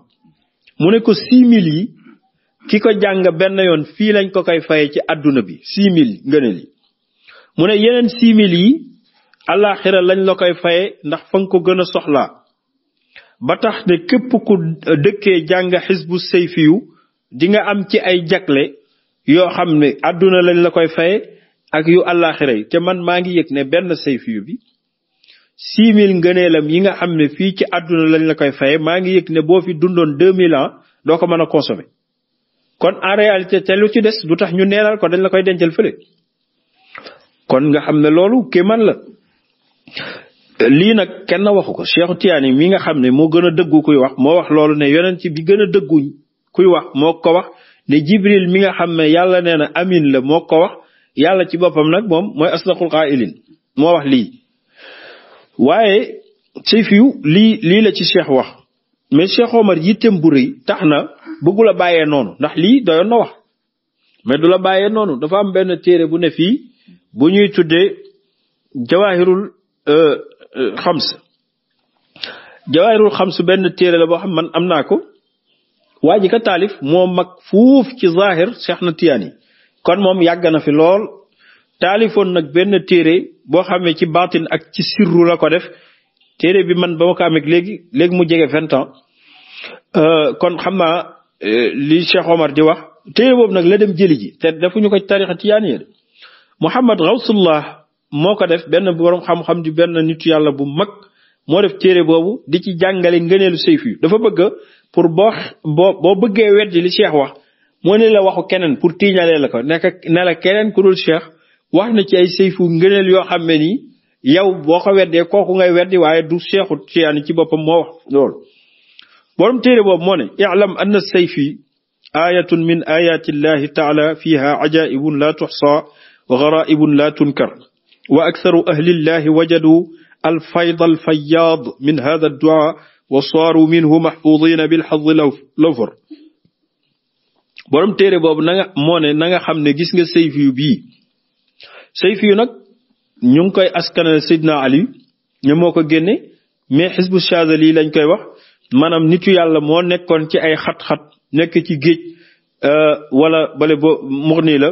mu ne ko six yi ki ko jàng benn yoon fii lañ ko koy fayee ci àdduna bi six mille ngëneel yi mu ne yeneen six mille yi àllaaxira lañ la koy faye ndax fa nga ko gën a soxlaa ba tax ne képp ku dëkkee jàng bu sayfiyu di nga am ci ay jagle yoo xam ne àdduna lañ la koy faye ak yu àllaaxira yi te man maa ngi yëg ne benn sayfiyu bi six mille ngëneelam yi nga xam ne fii ci àdduna lañ la koy faye maa ngi yëg ne boo fi dundoon deux mille ans doo ko mën a consommer kon en réalité te lu ci des du tax ñu neenal ko dañ la koy dencal fële kon nga xam ne loolu kéemaan la lii nag kenn waxu ko Cheikhu Tiyaani mi nga xam ne moo gën a dëggu kuy wax moo wax loolu ne yonent bi gën a dëgguñ kuy wax moo ko wax ne Jibril mi nga xam ne yàlla nee na amin la moo ko wax yàlla ci boppam nag moom mooy asdaqul qaa'iliin moo wax lii waaye ci fiw lii li la ci Cheikh wax mais Cheikh Omar yittem bu rëy tax na bëggul a bàyyee noonu ndax lii doyoon na wax mais du la bàyyee noonu dafa am benn téere bu ne fii bu ñuy tuddee jawaahirul euh, euh, xams jawaahirul xams benn téere la boo xam man am naa ko waa ji ka taalif moo mag fuuf ci zahir Cheikh na Tiyaani kon moom yàgg na fi lool taalifoon nag benn téere boo xamee ci baatin ak ci sirru la ko def téere bi man ba ma ko amee léegi léegi mu jege vingt ans euh, kon xam naa euh, li Cheikh Omar di wax téere boobu nag la dem jëli ji te defuñu ko ci tarixa tiyaaniya Muhammad Xawsullah moo ko def benn borom xam-xam benn nitu yàlla bu mag moo def téere boobu di ci jàngale ngëneelu sayf dafa bëgg pour boo boo boo bëggee weddi li Cheikh wax moo ne la waxu keneen pour tiiñalee la ko nekk nela keneen ku dul Cheikh wax na ci ay sayfu ngëneel yoo xam ne ni yow boo ko weddee kooku ngay weddi waaye du seexu tiyaani ci boppam moo wax loolu borom téere boobu moo ne i'lam anna sayfi ayatun min ayati llahi taala fiha ajaibun la tuxsa wa garaibun la tunkar wa aktharu ahli llahi wajadu alfayda alfayaad min hada addua wa saaru minhu maxfudina bilxadi lawfar borom téere boobu na nga xam ne gis nga sayfi yu bii sayfiyu nag ñu ngi koy askanal Seydina Ali ñu moo ko génne mais xisbu lii lañ koy wax maanaam nitu yàlla moo nekkoon ci ay xat-xat nekk ci géej euh, wala bale bo Mughni la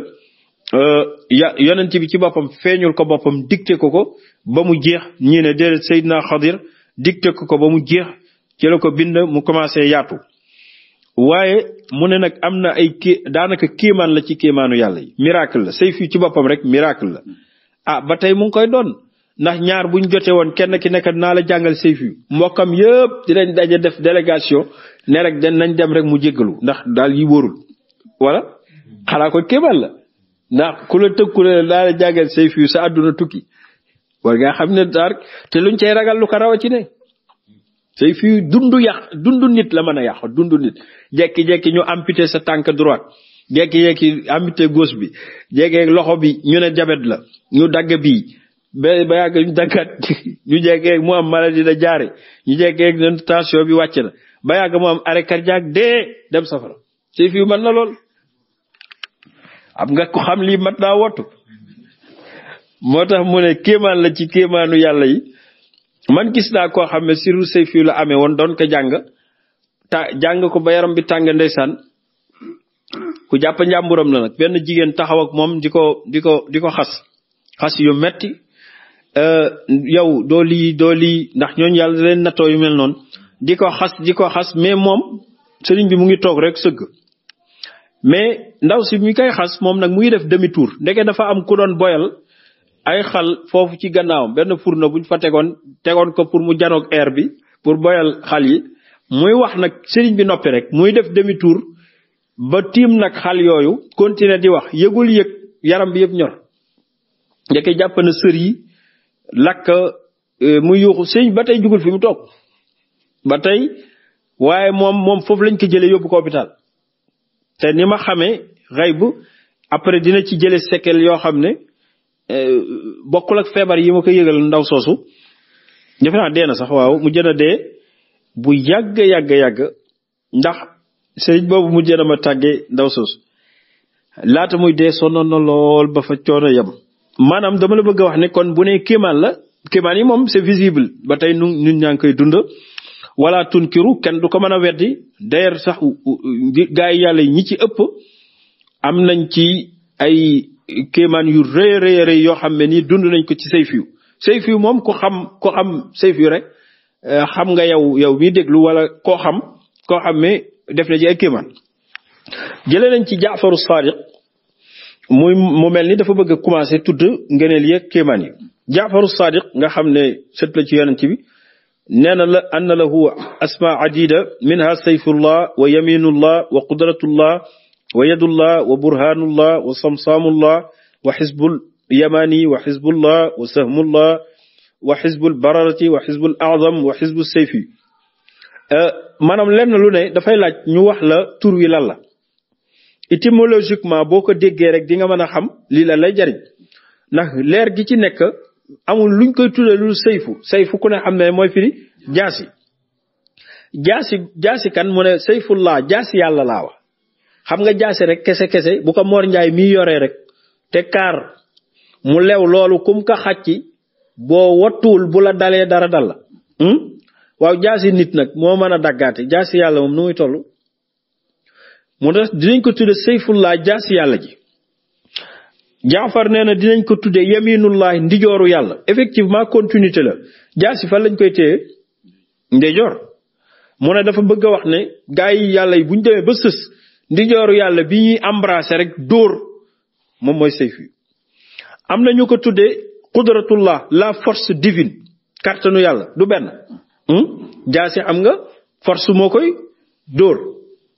euh, ya yonent bi ci boppam feeñul ko boppam dicté ko ko ba mu jeex ñii ne déedéet Seydina Xadir dicté ko ko ba mu jeex ci la ko bind mu commencé yaatu waaye mu ne nag am na ay ké daanaka kéemaan la ci kéemaanu yàlla yi miracle la say fii ci boppam rek miracle la ah ba tey mu ngi koy doon ndax ñaar buñ jote woon kenn ki nekk naa la jàngal say fii mbokkam yëpp dinañ daje def délégation rek den nañ dem rek mu jéggalu ndax daal yi wóorul wala xanaa ko kéemaan la ndax ku la tëkku ne sa àdduna tukki war ngaa xam ne te luñ cay ragal lu ko raw a ci ne say fii dundu yàq dundu nit la mën a yàq dundu nit jekki-jekki ñu amputé sa tànk droite jekki-jekki amputé gauche bi jekki loxo bi ñu ne jabet la ñu dagg bi ba ba ñu daggat [laughs] ñu jekki mu am maladie de jaare ñu jekki tension bi wàcc na ba yàgg mu am arrêt cardiaque dee dem safara ci fi mën na lool am nga ko xam lii mat naa wottu moo tax mu ne kéemaan la ci kéemaanu yàlla yi man gis naa koo xam ne siru say fii la amee woon doon ko jàng ta jàng ko ba yaram bi tàng ndeysaan ku jàpp njàmburam la nag benn jigéen taxaw ak moom di ko di ko di ko xas xas yu metti euh, yow doo lii doo lii ndax ñooñ yàlla leen nattoo yu mel noonu di ko xas di ko xas mais moom sëriñ bi mu ngi toog rek sëg mais ndaw si mi koy xas moom nag mu ngi def demi tour ndeke dafa am ku doon boyal ay xal foofu ci gannaawam benn fourneau buñ fa tegoon tegoon ko pour mu janoog air bi pour boyal xal yi muy wax nag sëriñ bi noppi rek muy def demi ba tiim nag xal yooyu continuer di wax yëgul yëg yaram bi yëpp ñor ndeke jàpp na yi lakk euh, muy yuuxu sëriñ ba tey jugul fi mu toog ba tey waaye moom moom foofu lañ ko jëlee yóbbu ko hôpital te ni ma xamee xëy bu après dina ci jële séquelles yoo xam ne euh, bokkul ak feebar yi ma ko yëgal ndaw soosu defe naa dee na sax waaw mu jën a dee bu yàgg yàgg yàgg ndax sëriñ boobu mu jëna ma tàgge ndaw soosu laata muy de sonnoon lool ba fa coono yem maanaam dama la bëgg a wax ne kon bu ne kéemaan la kéemaan yi moom c'est visible ba tey nu ñun ñaa ngi koy dund wala tunkiru kenn du ko mën a weddi d'ailleurs sax gaa yi yàlla ñi ci ëpp am nañ ci ay kéemaan yu rëy rëy yoo xam ne nii dund nañ ko ci sayfiw sayfiw moom ko xam ko xam sayfiw rek Euh, xam nga yow yow miy déglu wala koo xam koo xam ne def na ci ay kéemaan jëlee nañ ci jaafaru sadiq muy mu mel ni dafa bëgg a commencé tudd ngëneel yeeg kéemaan yi nga xam ne sët la ci yonent bi nee na la anna lahu asma adida minha sayfullah wa yaminullah wa qudratullah wa yadullah wa burhanullah wa samsaamullah wa xisbul yamani wa xisbullah wa sahmullah wa xisbul bararati wa xisbul azam wa xisbu sayfi euh, maanaam lenn lu ne dafay laaj ñu wax la tur wi lan la étymologiquement boo ko déggee rek di nga mën a xam lii la lay jariñ ndax leer gi ci nekk amul luñ koy tuddee lu sayfu sayfu ku ne xam ne mooy fi jaasi jaasi jaasi kan mu ne sayfullaa jaasi yàlla laa wa xam nga jaasi rek kese kese bu ko Mor Njaay mi yoree rek te kaar mu lew loolu kum ko xàcci boo wattuwul bu la dalee dara dal la hmm? waaw jaasi nit nag moo mën a daggaati jaasi yàlla moom nu muy toll mu des dinañ ko tudde sayfullaa jaasi yàlla ji jaafar nee na dinañ ko tudde yaminullahi ndijooru yàlla effectivement continuité la jaasi fan lañ koy téye ndijoor mu ne dafa bëgg a wax ne gaa yi yàlla yi bu ñu demee ba sës ndijooru yàlla bi ñuy embrasser rek dóor moom mooy sayf yi am na ñu ko tuddee qudratullah la force divine kàttanu yàlla du benn hmm? jaasi am nga force moo koy dóor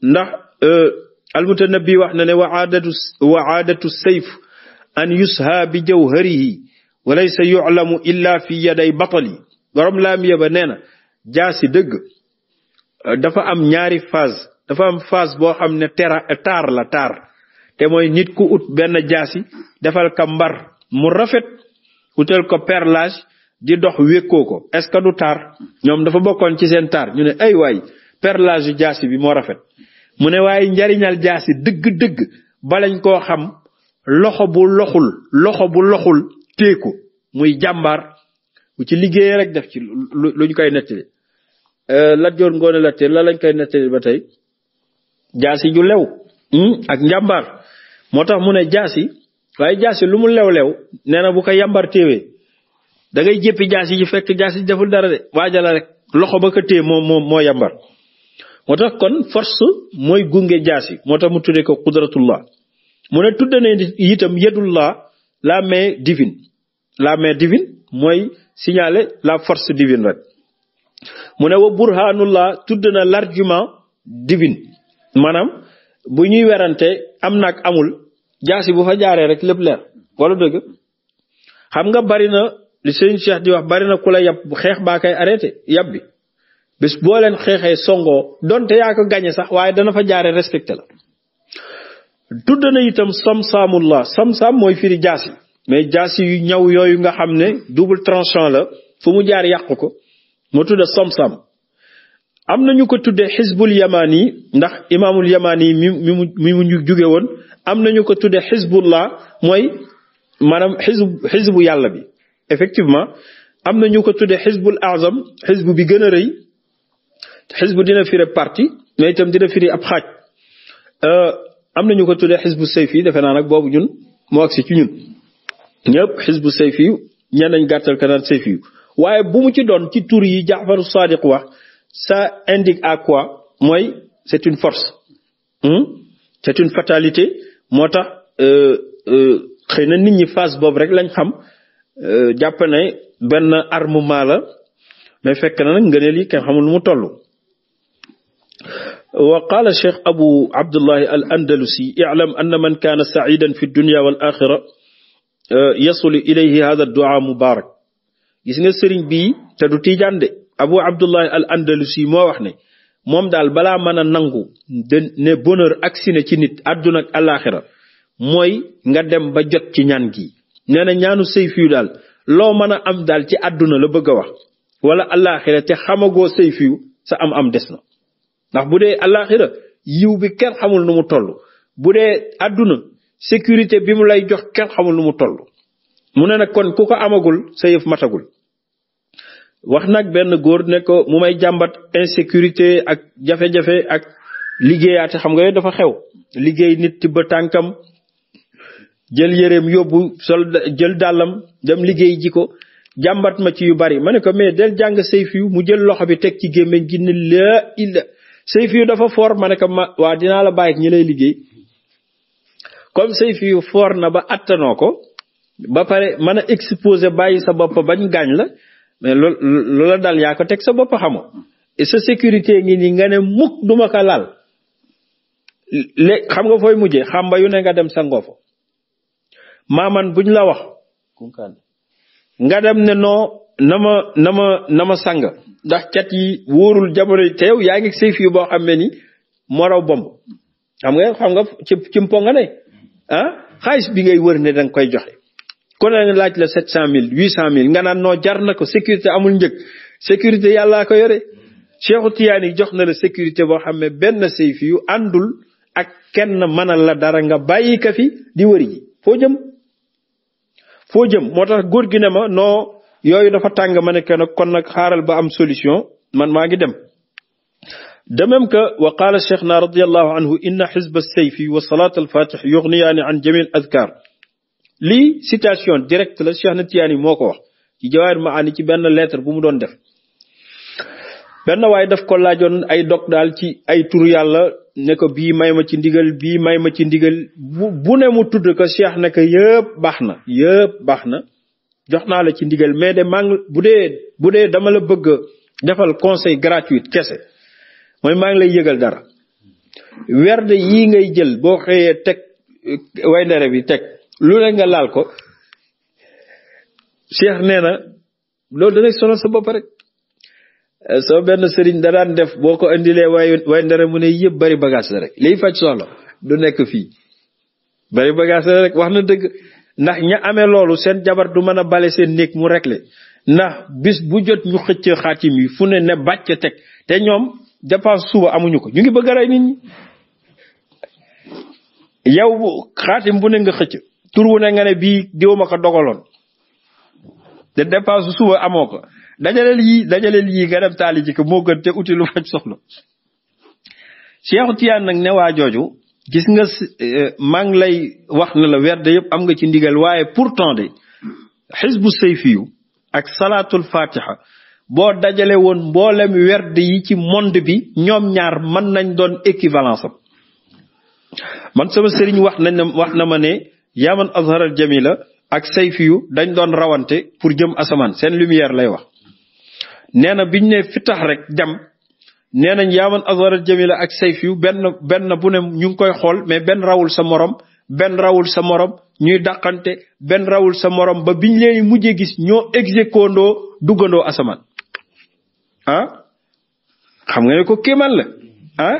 ndax euh, almutanabi wax na ne wa aadatu wa an yusha bi jawharihi wa laysa yulamu illa fi yaday batali borom laam yeba nee jaasi dëgg euh, dafa am ñaari phase dafa am phase boo xam ne tera taar la taar te mooy nit ku ut benn jaasi defal ka mbar mu rafet utal ko perlage di dox wékkoo ko est-ce que du taar ñoom dafa bokkoon ci seen taar ñu ne ay waay perlage yu jaasi bi moo rafet mu ne waay njariñal jaasi dëgg-dëgg balañ koo xam loxo bu loxul loxo bu loxul teeku muy jàmbaar bu ci liggéeyee rek def ci lu ñu koy nettali euh, Lat Joor Ngoone Latyr la lañ koy nettali ba tey jaasi ju lew hmm, ak njàmbaar moo tax mu jaasi waaye jaasi lu mu lew-lew nee na bu ko yàmbar téewee da ngay jéppi jaasi ji fekk jaasi deful dara de waajala rek loxo ba ko téye moo moo moo yàmbar moo tax kon force mooy gunge jaasi moo tax mu tuddee ko qudratullah mu ne tudde ne itam la mais divine la main divine mooy signaler la force divine rek mu ne wa burhanullah tudd na l'argument divine maanaam bu ñuy werante am nag amul jaasi bu fa jaaree rek lépp leer wala dëgg xam nga bari na li sëñ Cheikh di wax bari na ku la bu xeex baa koy arrêté yab bi bis boo leen xeexee songoo donte yaa ko gañe sax waaye dana fa jaaree respecté la tudd na itam samsaamullah samsaam mooy firi jaasi mais jaasi yu ñaw yooyu nga xam ne double tranchant la fu mu jaar yàq ko mu tudda samsaam am na ñu ko tuddee xisbul yamaan yi ndax imaamul yamaan yi mi mi mu mi mu jóge woon am na ñu ko tuddee laa mooy maanaam xisb xisbu yàlla bi effectivement am na ñu ko tuddee xisbul azam xisbu bi gën a rëy xisbu dina firi parti mais itam dina firi ab xaaj euh, am na ñu ko tuddee xisbu sayf yi defe naa nag boobu ñun moo agsi ci ñun ñëpp xisbu sayf yi ñenn nañ gàttal kanaan sayf yi waaye bu mu ci doon ci tur yi jaafaru sadiq wax sa indique à quoi mooy c'est une force hmm? c'est une fatalité moo tax euh, euh, xëy na nit ñi phase boobu rek lañ xam euh, jàpp ne benn armement la mais fekk na nag ngëneel yi xamu xamul nu mu toll wa qaala cheikh abu abdullahi al andalusi i'lam anna man kaana sa'idan fi dunya wal axira yasulu ilayhi hada dua mubarak gis nga sëriñ bii te abu abdullah al andalusi moo wax ne moom daal balaa mën a nangu de ne bonheur agsi na ci nit àdduna ak alaaxira mooy nga dem ba jot ci ñaan gi nee na ñaanu sayfiyu daal loo mën a am daal ci àdduna la bëgg a wax wala alaaxira te xamagoo sayfiyu sa am am des na ndax bu dee alaaxira yiw bi kenn xamul nu mu toll bu dee àdduna sécurité bi mu lay jox kenn xamul nu mu toll mu ne nag kon ku ko amagul sa yëf matagul wax nag benn góor ne ko mu may jàmbat insécurité ak jafe-jafe ak liggéeyaate xam nga yooyu dafa xew liggéey nit ba tànkam jël yëreem yóbbu sol jël dàllam dem liggéey ji ko jàmbat ma ci yu bari ma ne ko mais del jàng sayf yu mu jël loxo bi teg ci gémmiñ gi ne dafa foor ma ne ko ma waa dinaa la bàyyi ak ñi lay liggéey comme sayf yu foor na ba attanoo ko ba pare mën a exposé bàyyi sa bopp bañ gaañ la mais loola dal yaa ko teg sa bopp xamoo et sa sécurité ngi ni nga ne mukk duma ko laal léegi xam nga fooy mujjee xamba yu ne nga dem sangoo fa maaman buñ la wax nga dem ne noo na ma na ma na ma sang ndax cat yi wóorul jamono yi te yow yaa ngi séef yu boo xam ne ni moo raw bomb xam nga xam nga ci ci mpo nga ne ah xaalis bi ngay wër ne danga koy joxe ku ne laaj la sept cent mille huit cent mille nga naan noo jar na ko sécurité amul njëg sécurité yàllaa ko yore Cheikhu Tiyaani jox na la sécurité boo xam ne benn sayfi yu àndul ak kenn mënal la dara nga bàyyi ka fi di war ji foo jëm foo jëm moo tax góor gi ne ma noo yooyu dafa tàng ma ne nag kon nag xaaral ba am solution man maa ngi dem de même que wa qaala cheikhna radiallahu anhu inna xizba sayfi wa salaat alfatix yugniyaani an jami al adkar lii citation directe la Cheikh na yi moo ko wax ci jawaar ma ànd ci benn lettre bu mu doon def benn waaye daf ko laajoon ay dog daal ci ay tur yàlla ne ko bii may ma ci ndigal bii may ma ci ndigal bu bu ne mu tudd ko Cheikh ne ko baax na yëpp baax na jox naa la ci ndigal mais de maa ngi bu dee bu dee dama la bëgg defal conseil gratuit kese mooy maa ngi lay yëgal dara werde yii ngay jël boo xëyee teg way bi teg lu ne nga laal ko cheikh nee na loolu da ngay sonal sa bopp rek eh, sama benn sëriñ da daan def boo ko indilee waaye waaye ndara mu ne yëpp bari bagage la rek liy faj soxla du nekk fii bari bagaas la rek wax na dëgg ndax ña amee loolu seen jabar du mën a bale seen néeg mu rek réglé ndax bis bu jot ñu xëcc xaatim yi fu ne ne bàcc teg te ñoom dépense suba amuñu ko ñu ngi bëgg a rey nit ñi xaatim bu ne nga xëcc tur wu ne nga ne bii diw ma ko dogaloon te dépense suba amoo ko dajaleel yi dajaleel yi nga dem taali ji ko moo gën te uti lu faj soxla Cheikhu Tiyaan nag ne waa jooju gis nga eh, maa ngi lay wax na la werd yëpp am nga ci ndigal waaye pourtant de xisbu sayfiyu ak salaatul fatiha boo dajale woon mboolem werd yi ci monde bi ñoom ñaar man nañ doon équivalence am man sama sëriñ wax nañ wax na ma ne yaman azharal jamila ak sayfiyu dañ doon rawante pour jëm asamaan seen lumière lay wax nee na biñ ne fitax rek dem nee nañ yaaman azharal jamila ak sayfiyu benn benn bu ne ñu ngi koy xool mais benn rawul sa moroom benn rawul sa moroom ñuy dàqante benn rawul sa moroom ba biñ leen mujjee gis ñoo exékondoo duggandoo asamaan ah xam nga ne ko kéemaan la ah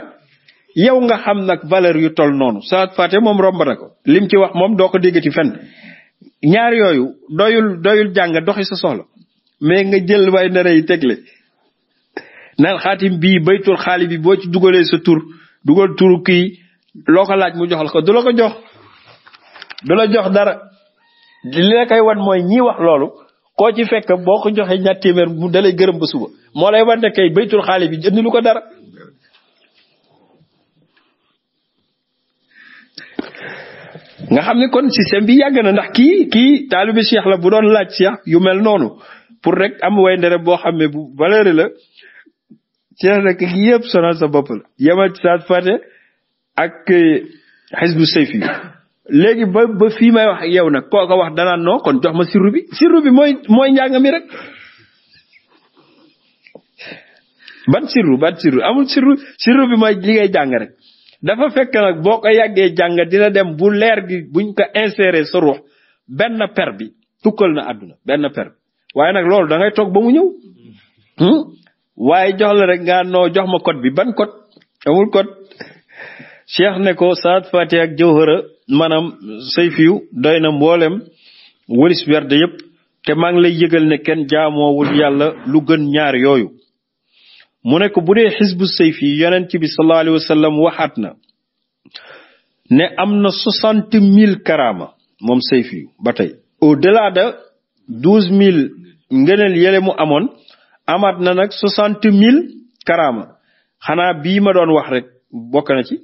yow nga xam nag valeur yu toll noonu salaat faate moom romb na ko lim ci wax moom doo ko déggati fenn ñaar yooyu doyul doyul jàng doxi sa soxla mais nga jël way nara yi tegle naan xaatim bii baytul xaali bi boo ci dugalee sa tur dugal turu kii loo ko laaj mu joxal ko du la ko jox du la jox dara li la koy wan mooy ñi wax loolu koo ci fekk boo ko joxee ñaar téeméer mu dalay gërëm ba suba moo lay wan ne kay baytul xaali bi jënd lu ko dara nga xam ne kon système bi yàgg na ndax kii kii taalibe Cheikh la bu doon laaj Cheikh yu mel noonu pour rek am wayndere boo xam ne bu valeur la Cheikh rek yëpp sonal sa bopp la yemal ci saat fate ak xisbu eh, sayfi léegi ba ba fii may wax yow nag kooka wax danaan non kon jox ma sirru bi sirru bi mooy mooy njàng mi rek ban sirru ban sirru amul sirru sirru bi mooy li ngay jàng rek dafa fekk nag boo ko yàggee jàng dina dem bu leer gi buñ ko insérer sa ruux benn per bi tukkal na àdduna benn per bi waaye nag loolu da ngay toog ba mu ñëw hmm? waaye jox la rek nga noo jox ma code bi ban code amul code cheikh ne ko saat fatiha ak jawhara maanaam say fiw doy na mboolem wëlis werde yëpp te maa ngi lay yëgal ne kenn jaamoowul yàlla lu gën ñaar yooyu mu ne ko bu dee xisbu sayf yi yonent bi sallallahu alayhi wa sallam waxaat na ne am na soixante mille karaama moom sayf ba tey au delà de douze mille ngëneel yële mu amoon amaat na nag soixante mille karaama xanaa bii ma doon wax rek bokk na ci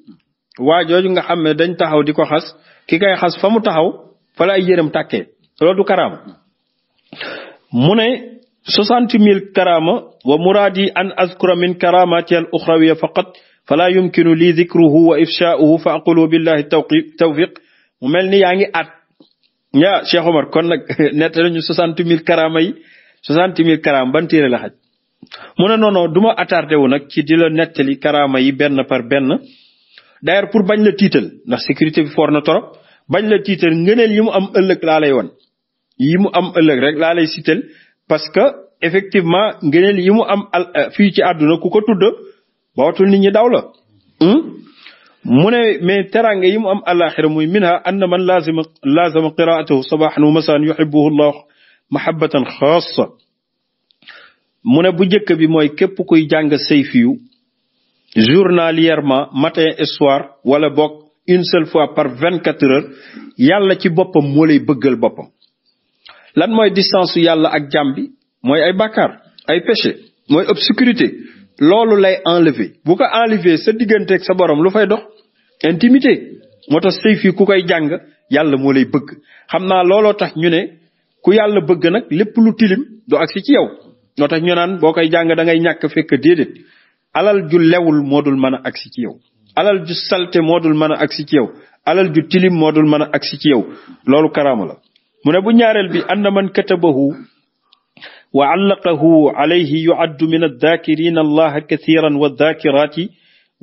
waa jooju nga xam ne dañ taxaw di ko xas ki kay xas fa mu taxaw fa la ay yërëm tàkkee loolu karaama mu soixante mille karama wa muraadi an azkura min karamati al uxrawiya faqat fala yumkinu li dikruhu wa ifshauhu fa aqulu billahi tawfiq mu mel ni yaa ngi at ñaa Cheikh kon nag [laughs] nett nañu soixante mille karama yi soixante mille karama ban téere la xaj mu ne noonu du ma wu nag ci di la nettali yi benn par benn d'ailleurs pour bañ la tiital ndax sécurité bi na torop bañ la tiital ngëneel yi mu am ëllëg laa lay won yi mu am ëllëg rek laa lay parce que effectivement ngëneel yi mu am al euh, fii ci àdduna ku ko tudd bawatul nit ñi daw la hmm? mu ne mais teraanga yi mu am alaxira muy minha anna man lazima lazima qiraatahu sabaxan wa masaan yuxibuhu llah mahabatan xaasa mu ne bu njëkk bi mooy képp kuy jàng sayfiyu journalièrement matin et soir wala boog une seule fois par vingt quatre heures yàlla ci boppam moo lay bëggal boppam lan mooy distance yàlla ak jàmbi mooy ay bàkkaar ay péché mooy obscurité loolu lay enlever bu ko enlever sa digganteeg sa borom lu fay dox intimité moo tax sëy fii ku koy jàng yàlla moo lay bëgg xam naa looloo tax ñu ne ku yàlla bëgg nag lépp lu tilim du agsi ci yow moo tax ñu naan boo koy jàng da ngay ñàkk fekk déedéet alal ju lewul moo dul mën a agsi ci yow alal ju salte moo dul mën a agsi ci yow alal ju tilim moo dul mën a si ci yow loolu karaama mu ne bu ñaareel bi anna man katabahu wa allaqahu alayhi yuaddu min addaakirina allaha kathiran wa addaakiraati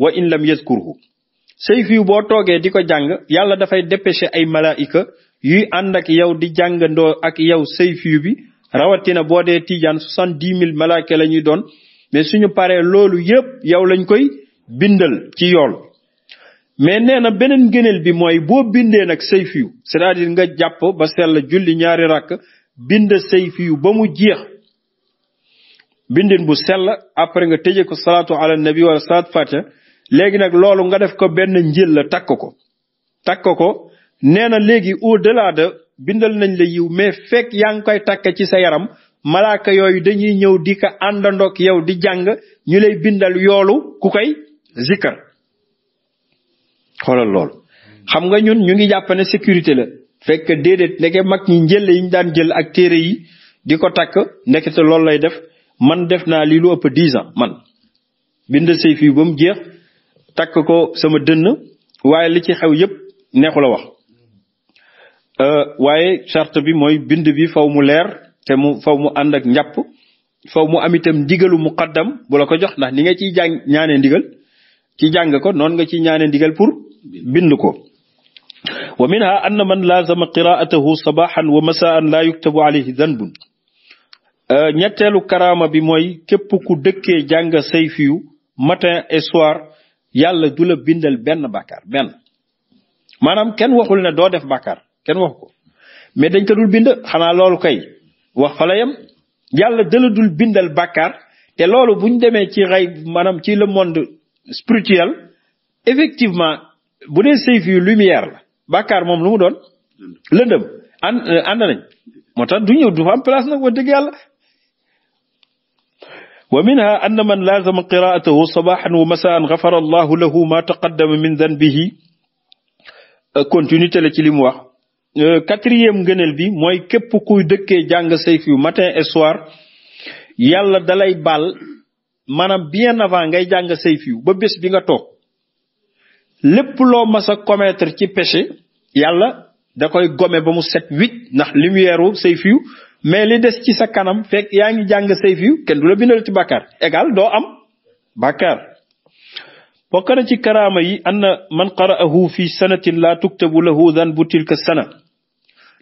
wa in lam yadkurhu say fiiw boo toogee di ko jàng yàlla dafay dépêché ay malaayika yuy ànd ak yow di jàngandoo ak yow say fiiw bi rawatina boo dee tijaan soixante-dix mille malaayika la ñuy doon mais suñu paree loolu yëpp yow lañ koy bindal ci yool mais nee na beneen ngëneel bi mooy boo bindee nag sayfiyu cest à nga jàpp ba sell julli ñaari rakk bind sayfiyu ba mu jeex bindin bu sell après nga tëje ko salaatu ala nabi wala salaat fatiha léegi nag loolu nga def ko benn njël la takk ko takk ko nee na léegi au de bindal nañ la yiw mais fekk yaa ngi koy takk ci sa yaram malaaka yooyu dañuy ñëw di ko àndandoog yow di jàng ñu lay bindal yoolu ku koy zikkar xoolal lool xam nga ñun ñu ngi jàpp ne sécurité la fekk déedéet ndeke mag ñi njëlle yi ñu daan jël ak téere yi di ko takk ndekete loolu lay def man def naa lii lu ëpp dix ans man bind say ba mu jeex takk ko sama dënn waaye li ci xew yépp neexu la wax euh, waaye charte bi mooy bind bi faw mu leer te mu faw mu ànd ak njàpp faw mu am itam ndigalu muqaddam bu la ko jox ndax ni nga ciy jàng ñaane ndigal ci jàng ko noonu nga ciy ñaane ndigal pour bind ko wa minha anna man laazama qiraatahu sabaxan wa masaan laa yuktabu alayhi danbun euh, ñetteelu karama bi mooy képp ku dëkkee jàng sayfiyu matin et soir yàlla du la bindal benn bàkkaar benn maanaam kenn waxul ne doo def bàkkaar kenn waxu ko mais dañ ko dul bind xanaa loolu kay wax fa la yàlla dala dul bindal bàkkaar te loolu buñ demee ci rey maanaam ci le monde spirituel effectivement bu dee sayf yu lumière la moom lu doon lëndëm an euh, ànd moo tax du ñëw du fa am place nag wax dëgg yàlla wa minha an man laazama qiraatahu sabaxan wa masaan gafara allahu lahu ma taqaddama min danbihi euh, continuité la ci li mu wax euh, quatrième ngëneel bi mooy képp kuy dëkkee jàng sayf yu matin et yàlla dalay baal maanaam bien avant ngay jàng sayf yu ba bés bi nga toog lépp loo masa a ci péché yàlla da koy gome ba mu set wicc ndax lumière say fiw mais li des ci sa kanam fekk yaa ngi jàng say fiw kenn du la bindal ci bàkkaar égal doo am bàkkaar bokk na ci karaama yi am na man qara'ahu fi sanatin la tuktabu lahu danbu tilka sana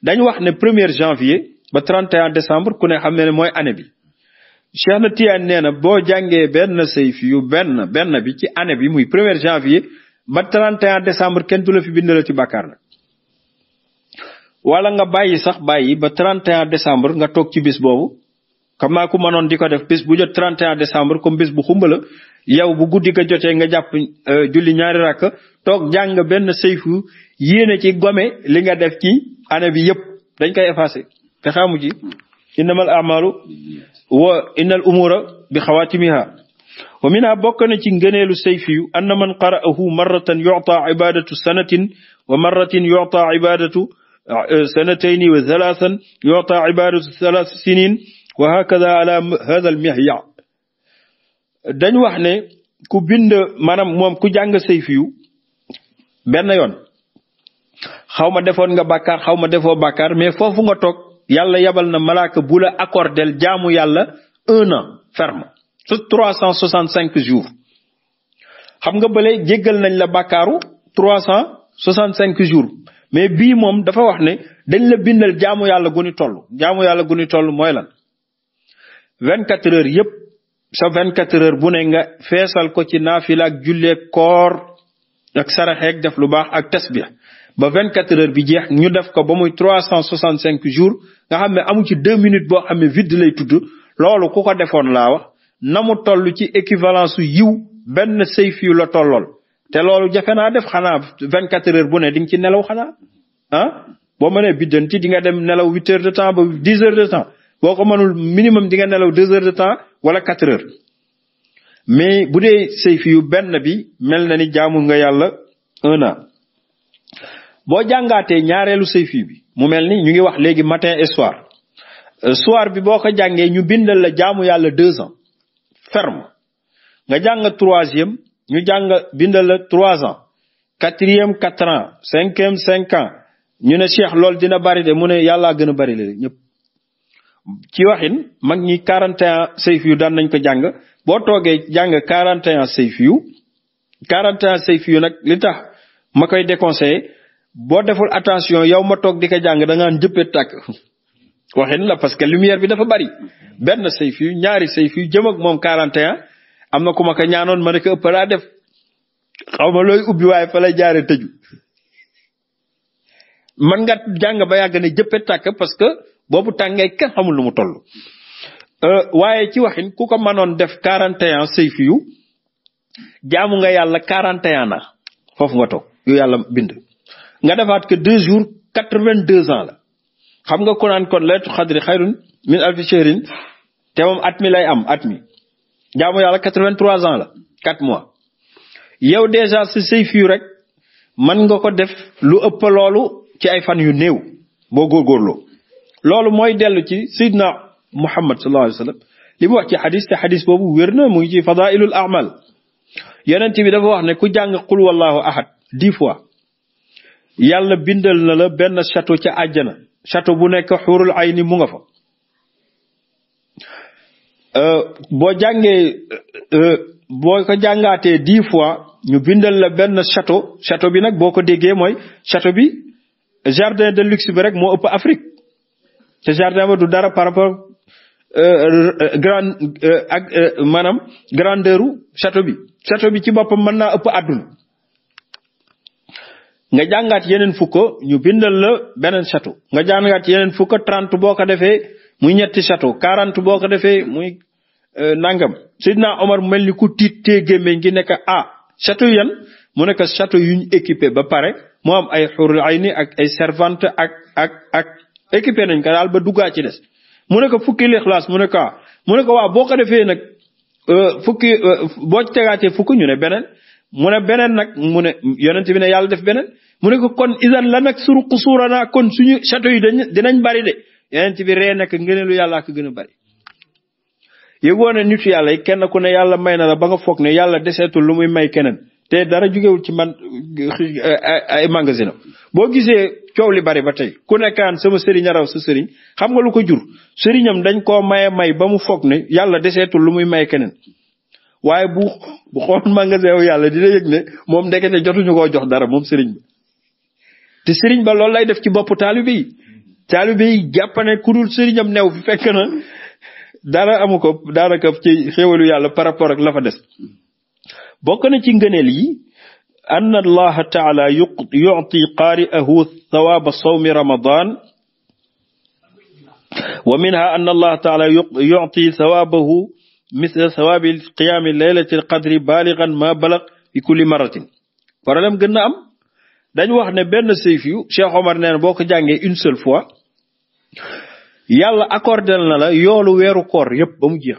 dañ wax ne premier janvier ba 31 décembre ku ne xam ne ne mooy année bi Cheikh na Tiyaan nee na boo jàngee benn say fiw benn benn bi ci année bi muy premier janvier ba 31 décembre kenn du la fi bindale ci bàkkaar nag wala nga bàyyi sax bàyyi ba 31 décembre nga toog ci bis boobu xam naa ku mënoon di ko def bis bu jot 31 décembre comme bis bu xumba la yow bu guddi ko jotee nga jàpp euh, julli ñaari rakk toog jàng benn sayfu yéene ci gome li nga def ci année bi yëpp dañ koy effacé te xamu ci innamal amalu wa innal umura bi xawaatimiha wa minha bokk na ci ngëneelu sayfiyu anna man qara'ahu marratan yu'ta ibadatu sanatin wa marratin yu'ta ibadatu eh, sanatayni wa thalathan yu'ta ibadatu thalath sinin wa hakadha ala hadha al-mihya dañ wax ne ku bind maanaam moom ku jàng sayfiyu benn yoon xaw ma defoon nga bàkkaar xaw ma defoo bàkkaar mais foofu nga toog yàlla yabal na malaaka bu accordel jaamu yàlla un an trois cent soixante cinq jours xam nga bale jéggal nañ la bakaaru trois cent soixante cinq jours mais bii moom dafa wax ne dañ la bindal jaamu yàlla guni toll jaamu yàlla guni toll mooy la vingt quatre heures yépp sa vingt quatre heures bu ne nga feesal ko ci naafila ak julleeg koor ak saraxeeg def lu baax ak tasbih ba vingt quatre heures bi jeex ñu def ko ba muy trois cent soixante cinq jours nga xam ne amu ci deux minutes boo xam ne vide lay tudd loolu ku ko defoon laa wax na mu toll ci équivalence su yiw benn sayf yu la tollool te loolu jafe naa def xanaa vingt quatre heures bu ne di nga ci nelaw xanaa ah boo mënee biddanti di nga dem nelaw huit heures de temps ba dix heures de temps boo ko mënul minimum di nga nelaw deux heures de temps wala quatre heures mais bu dee sayf yu benn bi mel na ni jaamu nga yàlla un an boo jàngaatee ñaareelu sayf bi mu mel ni ñu ngi wax léegi matin et soir euh, bi boo ko jàngee ñu bindal la jaamu yàlla deux ans ferme nga jàng troisième ñu jàng bindal la trois ans quatrième quatre ans cinquième cinq ans ñu ne Cheikh lool dina bari de mu ne yàllaa gën a bari la ñëpp ci waxin mag ñi quarante et un sayf yu daan nañ ko jàng boo toogee jàng quarante et un sayf yu quarante et un sayf yu nag li tax ma koy déconseillé boo deful attention yow ma toog di ko jàng da ngaan jëppee tàkk waxin la parce que lumière bi dafa bari benn sayf yu ñaari sayf yu jëm ak moom 41 am na ku ma ko ñaanoon ma ne def xaw ma looy ubbi waaye fa lay jaare tëju man nga jàng ba yàgg ne jëppe tàkk parce que boobu tàngee kenn xamul lu mu toll. Euh, waaye ci waxin ku ko mënoon def 41 sayf yu jaamu nga yàlla 41 na foofu nga toog yu yàlla bind nga defaat que deux jours 82 ans la. xam nga ku naan kon laytu xadri xayrun min alfi shahrin te moom at mi lay am at mi jaamu yàlla quatre-vingt-trois ans la quatre mois yow déjà si say fiyu rek mën nga ko def lu ëpp loolu ci ay fan yu néew boo góorgóorloo loolu mooy dellu ci Seydina Muhammad sallallahu alayhi wa sallam li mu wax ci xadis te xadis boobu wér na mu ngi ci fadailul amal yonent bi dafa wax ne ku jàng qul wallahu ahad dix fois yàlla bindal na la benn château ca àjjana château bu nekk xurul ay ni mu nga fa euh, boo jàngee euh, euh, boo ko jàngaatee dix fois ñu bindal la benn château château bi nag boo ko déggee mooy château bi jardin de luxe bi rek moo ëpp Afrique te jardin ba du dara par rapport grand ak maanaam grandeur château bi château bi ci boppam mën naa ëpp àdduna nga jàngaat yeneen fukko ñu bindal la beneen château nga jàngaat yeneen fukka trente boo ko defee muy ñetti château quarante boo ko defee muy euh, nangam Sidna Omar mel ni ku tiit tee gémmeñ gi nekk ah château yan mu nekk château yu ñu équipé ba pare mu am ay xurul ayni ak ay servante ak ak ak équipé nañ ko daal ba duggaa ci des mu nekk fukki lixlaas mu nekk ah mu nekk waaw boo ko defee nag euh, fukki euh, boo ci tegaatee fukk ñu ne beneen mu ne beneen nag mu ne yonent bi ne yàlla def beneen mu ne ko kon isan la nag suru xusuuranaa kon suñu château yi dañ dinañ bari de yonent bi ree nekk ngëneelu yàllaa ko gën a bari yëgoo ne nitu yàlla yi kenn ku ne yàlla may na la ba nga foog ne yàlla deseetul lu muy may keneen te dara jugewul ci man eh, ay magasin boo gisee coow li bari ba tey ku nekkaan sama sëriñ a raw sa lu ko jur sëriñam dañ koo maye may ba mu foog ne yàlla deseetul lu muy may keneen waaye bu bu xool magasin wu yàlla dina yëg ne moom ndekete jotuñu koo jox dara moom sëriñ ba te sëriñ ba loolu lay def ci boppu taalibe yi taalibe yi jàpp ne ku dul sëriñam new fi fekk na dara amu ko daanaka ci xéewalu yàlla par rapport ak la fa des bokk na ci ngëneel yi ann allaha taala yuti qaari'ahu thawaaba sawmi ramadan wa minha ann allaha taala yuti thawaabahu misla sawaabi qiyaami laylatil qadri baaligan ma balag bi kulli maratin problème gën na am dañ wax ne benn sayf yu Cheikh Omar nee boo ko jàngee une seule fois yàlla accordé na la yoolu weeru koor yépp ba mu jeex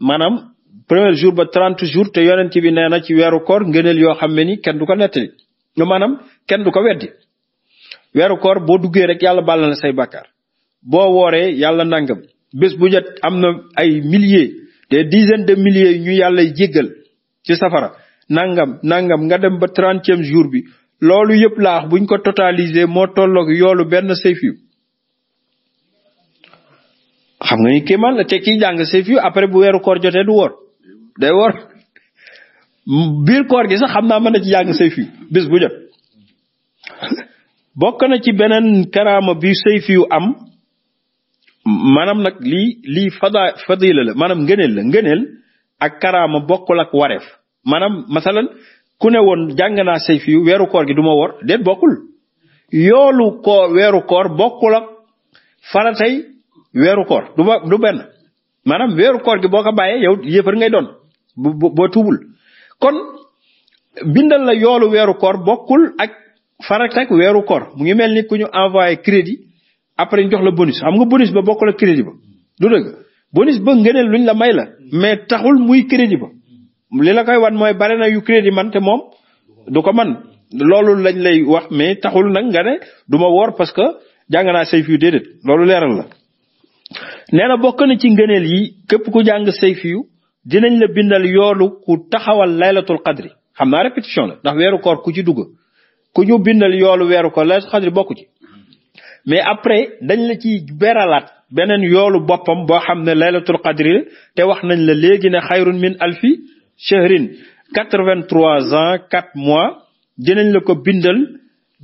maanaam premier jour ba trente jours te yonent bi nee na ci weeru koor ngëneel yoo xam ne ni kenn du ko nettali ñu maanaam kenn du ko weddi weeru koor boo duggee rek yàlla bàll na say bàkkaar boo wooree yàlla nangam bés bu jot am na ay milliers des dizaines de milliers ñu yàlla jéggal ci safara nangam nangam nga dem ba trentième jour bi loolu yëpp laax buñ ko totaliser moo tolloog yoolu benn sayfiyu xam nga ni kéemaan la te kiy jàng sayfiyu après bu weeru koor jotee du woor day woor biir koor gi sax xam naa mën na ci jàng sayfiyu bis bu jot bokk ci beneen karaama bi sayfiyu am maanaam nag lii lii fada fadila la maanaam ngëneel la ngëneel ak karaama bokkul ak wareef maanaam masalan ku ne woon jàng naa say fi weeru koor gi du ma wor déet bokkul yoolu ko weeru koor bokkul ak faratay weeru koor du maanaam weeru koor gi boo ko bàyyee yow yëfër doon boo tuubul kon bindal la yoolu weeru koor bokkul ak faratay weeru koor mu ngi mel ni ku ñu envoyé crédit après ñu jox la bonus xam nga bonus ba bokkul ak crédit ba du dëgg bonus ba ngëneel luñ la may la mais taxul muy crédit ba li la koy wan mooy bare na yu crédit man te moom du ko man loolu lañ lay wax mais taxul nag nga ne du ma woor parce que jàng naa sayf yu déedéet loolu leeral la nee na bokk na ci ngëneel yi képp ku jàng sayf yu dinañ la bindal yoolu ku taxawal laylatul xadri xam naa répétition la ndax weeru koor ku ci dugg ku ñu bindal yoolu weeru koor laylatul xadri mais après dañ la ci beralaat beneen yoolu boppam boo xam ne laylatul qadri te wax nañ la léegi ne xayrun min alfi shahrin quatre-vingt-trois ans quatre mois dinañ la ko bindal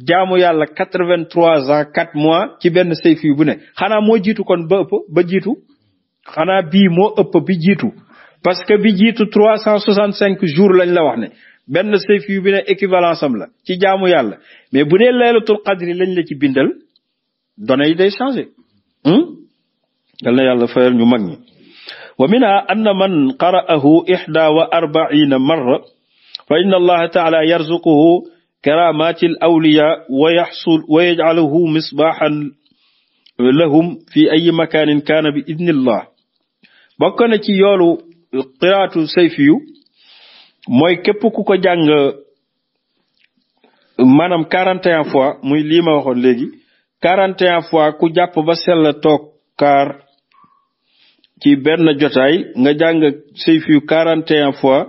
jaamu yàlla quatre-vingt-trois ans quatre mois ci benn sayf yu bu ne xanaa moo jiitu kon ba ëpp ba jiitu xanaa bii moo ëpp bi jiitu parce que bi jiitu trois cent soixante-cinq jours lañ la wax ne benn sayf yu bu ne équivalence am la ci jaamu yàlla mais bu dee laylatul qadri lañ la ci bindal données yi day changé hmm? yal na fayal ñu mag ñi wa man qara'ahu ihda wa arbaina marra fa inna allaha taala yarzuquhu karamati al awliya wa yaxsul wa fi ayi makaanin kaana bi idnillah bokk ci yoolu qiraatu sayfiyu mooy képp ku ko jàng maanaam quarante et fois muy lii waxoon léegi quarante et fois ku jàpp ba sell toog kaar ci benn jotaay nga jàng say fiyu quarante et fois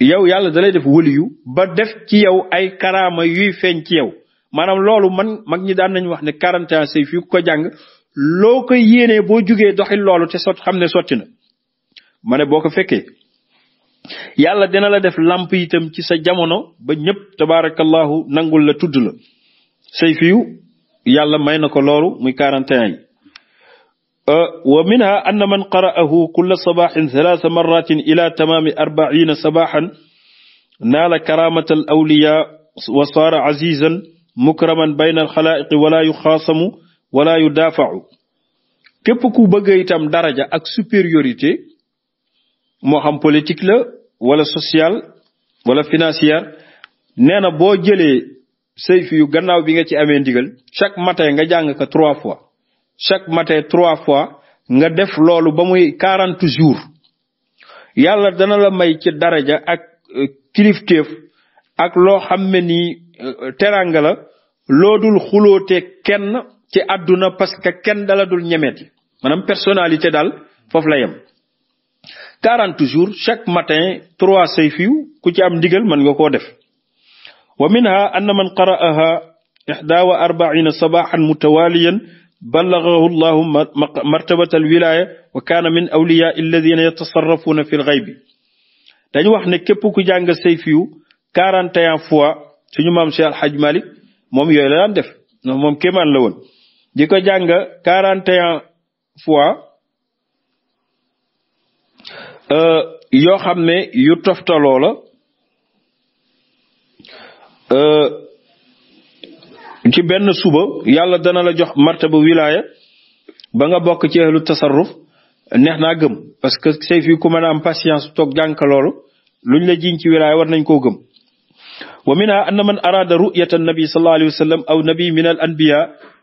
yow yàlla dalay def wëliyu ba def ci yow ay karaama yuy feeñ ci yow maanaam loolu man mag ñi daan nañu wax ne quarante et un fiyu ku ko jàng loo koy yéenee boo jugee doxi loolu te sot xam ne sotti na ma ne boo ko fekkee yàlla dina la def làmp itam ci sa jamono ba ñëpp tabaarakallahu nangul la tudd la say fiyu yàlla may na ko loolu muy quarante et un euh, wa minha anna man qara'ahu kulla sabaxin thalaatha maratin ila tamaami arbaina sabaxan naala karamata al awliya wa saara azizan mukraman bayna al xalaa'iqi wala yuxaasamu wala yudaafacu ku bëgg itam daraja ak supériorité moo xam politique la wala sociale wala financière nee na sayf yu gannaaw bi nga ci amee ndigal chaque matin nga jàng ko trois fois chaque matin trois fois nga def loolu ba muy quarante jours yàlla dana la may ci daraja ak euh, kilifteef ak loo xam ne nii euh, teranga la loo dul xulóotee kenn ci àdduna parce que kenn dala dul ñemeeti maanaam personnalité daal foofu la yem quarante jours chaque matin trois sayf yu ku ci am ndigal mën nga ko def wa minha anna man qara'aha ixda wa arbaina sabaxan mutawaliyan ballagahu llahu martabat alwilaya wa kaana min awliya alladina yatasarrafuuna fi lxaybi dañu wax ne képp ku jàng sayfiyu 41 fois suñu maam Cheikh Alhaj Malick moom yooyu la def moom kéemaan la woon di ko jàng 41 fois euh, yoo xam ne yu toftaloo Euh, ci benn suba yàlla dana la jox martaba wilaaya ba nga bokk ci ahlu tasarruf neex naa gëm parce que say fii ku mën a am patience toog jànk loolu luñ la jiñ ci wilaaya war nañ koo gëm wa minha anna man araada ru'yata annabi sallallahu alayhi wa sallam aw nabi min al anbiya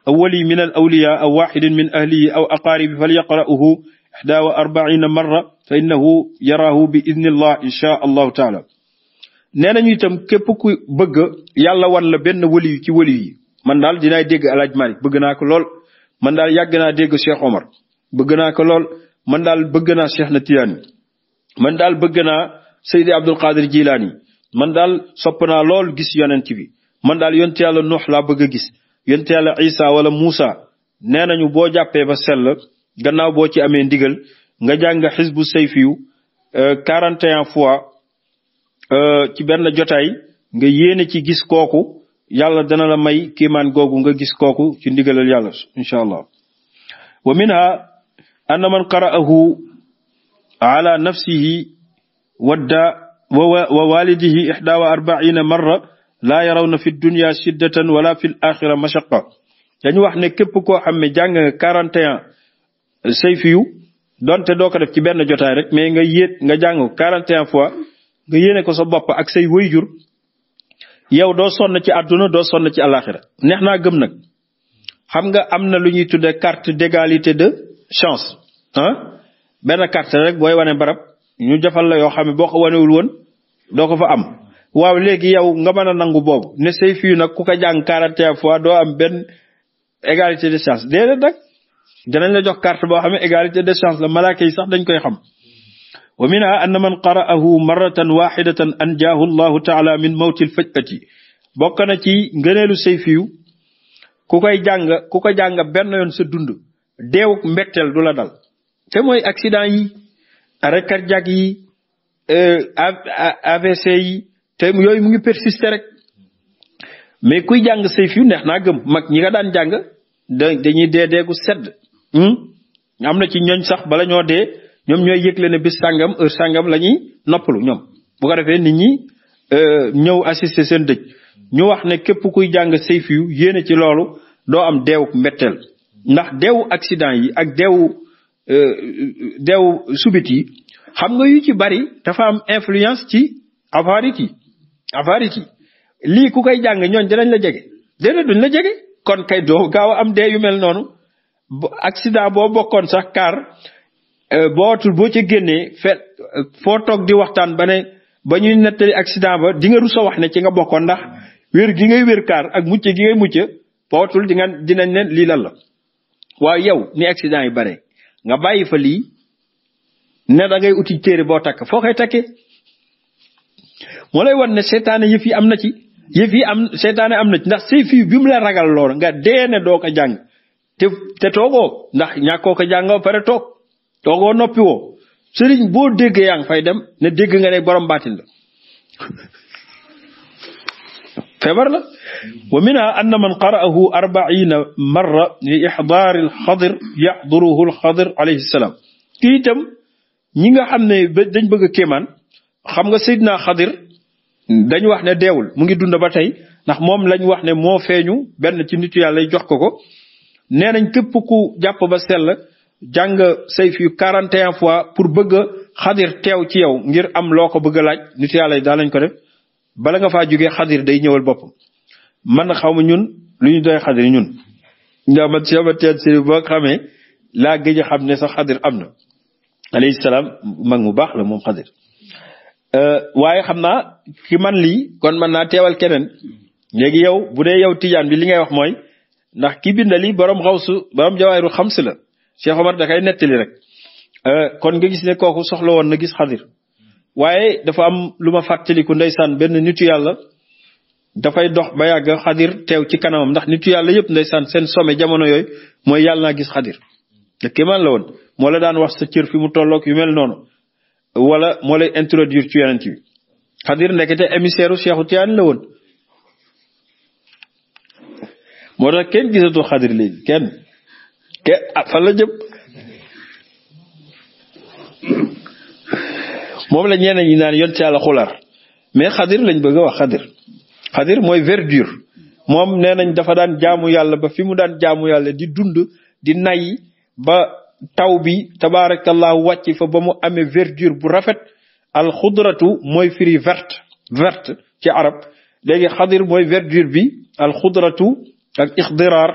aw wali min al awliya aw waxidin min ahlihi aw aqaaribi falyaqra'uhu ihda wa arbaina marra fa innahu yaraahu bi idnillah insha allahu taala nee nañu itam képp ku bëgg yàlla wan la benn waliyu ci waliyu yi man daal dinaay dégg El Hadj Malick bëgg naa ko lool man daal yàgg naa dégg Cheikh Omar bëgg naa ko lool man daal bëgg naa Cheikh na Tiyaani man daal bëgg naa Seydi Abdul Qadir Jilaani man daal sopp naa lool gis yonent bi man daal yonent yàlla Nuux laa bëgg a gis yonent yàlla Isa wala Muusa nee nañu boo jàppee ba sell gannaaw boo ci amee ndigal nga jàng xisbu sayfiyu 41 euh, fois Euh, ci benn jotaay nga yéene ci gis kooku yàlla dana la may kiiman googu nga gis kooku ci ndigalal yàlla incha allah wa minha anna man qara'ahu ala nafsihi wadda wa walidihi ixda wa arbaina marra laa yarawna fi dunya shiddatan wala fi l axira mashaqa dañu wax ne képp koo xam ne jàng nga quarante et un sayfiyu donte doo ko def ci benn jotaay rek mais nga yéet nga jàng quarante et fois nga yéene ko sa bopp ak say wayjur yow doo sonn ci àdduna doo sonn ci alaxira neex naa gëm nag xam nga am na lu ñuy tuddee carte d'égalité de chance ah benn carte rek booy wane barab ñu jafal la yoo xam ne boo ko wanewul woon doo ko fa am waaw léegi yow nga mën a nangu boobu ne say fii nag ku ko jàng quarante et un fois doo am benn égalité de chance déedéet nag dinañ la jox carte boo xam ne égalité de chance la malaaka yi sax dañ koy xam wa minha anna man qara'ahu marratan waxidatan anjaahu allahu taala min mawtil fajati bokk na ci ngëneelu sayfiyu ku koy jàng ku ko jàng benn yoon sa dund deewuk mbetteel du la dal te mooy accident yi arrêt cardiaque yi euh, AVC yi te yooyu mu ngi persister rek mais kuy jàng sayfiyu neex na gëm mag ñi nga daan jàng da dañuy dee sedd hmm? am na ci ñooñ sax bala ñoo dee ñoom ñooy yëgle ne bis sangam heure sàngam la ñuy noppalu ñoom bu ko defee nit ñi euh, ñëw assister seen dëj ñu wax ne képp kuy jàng sayf yu yéene ci loolu doo am deewu mbetteel ndax deewu accident yi ak deewu euh, deewu subit yi xam nga yu ci bari dafa am influence ci avarit yi avarit yi lii ku koy jàng ñooñ dinañ la jege déedéet duñ la jege kon kay doo gaaw am dee yu mel noonu accident boo bokkoon sax car bootul euh, boo ci génnee fet foo toog di waxtaan bane ba ñuy nettali accident ba di nga rus a wax ne ci nga bokkoon ndax wér gi ngay wér kaar ak mucc gi ngay mucc bootul di nga dinañ ne lii lan la waaye yow ni accident yi bare nga bàyyi fa lii ne da ngay uti téere boo takk foo koy takkee moo lay wan ne seetaane yëf yi am na ci yëf yi am seetaane am na ci ndax say fii bi mu la ragal lool nga dee ne doo ko jàng te te toogoo ndax ñàkkoo ko jàng ba pare toog toogo noppiwoo woo sëriñ boo dégg yaa ngi fay dem ne dégg nga ne borom baatin la feebar la wa na anna man qara'ahu arbaina marra li ixdaari alxadir yaxduruhu alxadir alayhi kii itam ñi nga xam ne dañ bëgg a xam nga na Xadir dañ wax ne deewul mu ngi dund ba tey ndax moom lañ wax ne moo feeñu benn ci nitu yàlla jox ko ko nee nañ képp ku jàpp ba sell jàng sayf yu 41 fois pour bëgg a xadir teew ci yow ngir am loo ko bëgg a laaj nit yàlla daa nañ ko def bala nga faa jógee xadir day ñëwal bopp man na xaw ma ñun lu ñu doy xadir ñun ndax man si ma teel si boo xamee laa gëj a xam ne sax xadir am na alayhi salaam mag mu baax la moom xadir euh, waaye xam naa ki man lii kon man naa teewal keneen léegi yow bu dee yow tijaan bi li ngay wax mooy ndax ki bindali borom xawsu borom jawaayiru xams la Cheikh Omar da kay nettali rek euh, kon nga gis ne kooku soxla woon na gis xadir waaye dafa am lu ma fàttaliku ndeysaan benn nitu yàlla dafay dox ba yàgg xadir teew ci kanamam ndax nitu yàlla yëpp ndeysaan seen sommet jamono yooyu mooy yàlla naa gis xadir te kéemaan la woon moo la daan wax sa cër fi mu tolloog yu mel noonu wala moo lay introduire ci yonent bi xadir émissaire u Cheikhu la woon moo tax kenn gisatu xadir léegi kenn ke ah, fa la jëm moom la ñeneen ñi naan yont yàlla xular mais xadir lañ bëgg a wax xadir xadir mooy verdure moom nee nañ dafa daan jaamu yàlla ba fi mu daan jaamu yàlla di dund di nay ba taw bi tabaarakallahu wàcc fa ba mu amee verdure bu rafet alxudratu mooy firi verte verte ci arab léegi xadir mooy verdure bi alxudratu ak ixdiraar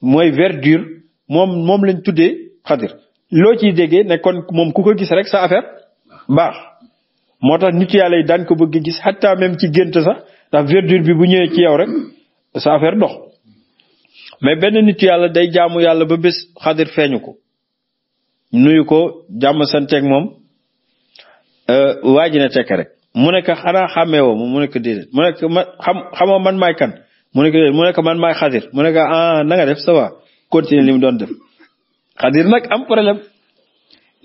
mooy verdure moom moom lañ tuddee xadir loo ci déggee ne kon moom ku ko gis rek sa affaire baax moo tax nit yàlla yi daan ko bëgg gis xatta même ci gént sax ndax verdure bi bu ñëwee ci yaw rek sa affaire dox mais benn nit yàlla day jaamu yàlla ba bés xadir feeñu ko nuyu ko jàmm santeeg moom euh, waa ji na tekk rek mu nekk xanaa xàmmee woo mu nekk déedéet mu nekk ma xam xamoo man maay kan mu nekk déedéet mu nekk man maay xadir mu nekk ah na def ça continuer li mu doon def xadir nag am problème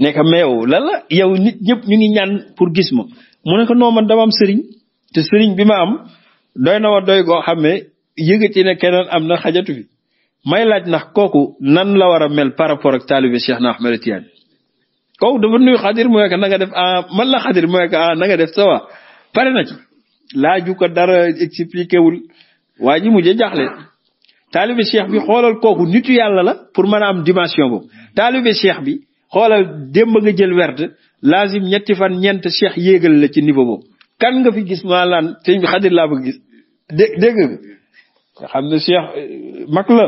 ne ko meew lan la yow nit ñëpp ñu ngi ñaan pour gis ma mu ne ko non man dama am sëriñ te sëriñ bi ma am doy na wa doy goo xam ne yëgati ne keneen am na xajatu fi may laaj nax kooku nan la war a mel par rapport ak taalibe Cheikh na Ahmed Tidiane kooku dafa nuyu xadir mu ne ko na nga def ah man la xadir mu ne ah na def ça va pare na ci laaju ko dara expliqué wul waa ji jaaxle. taalibe cheikh bi xoolal kooku nitu yàlla la pour mën a am dimension boobu taalibe cheikh bi xoolal démb nga jël werd lazim ñetti fan ñeent cheikh yéegal la ci niveau boobu kan nga fi gis maa laan sëñ bi xadir laa bëgg gis dé dégg xam ne cheikh eh, mag la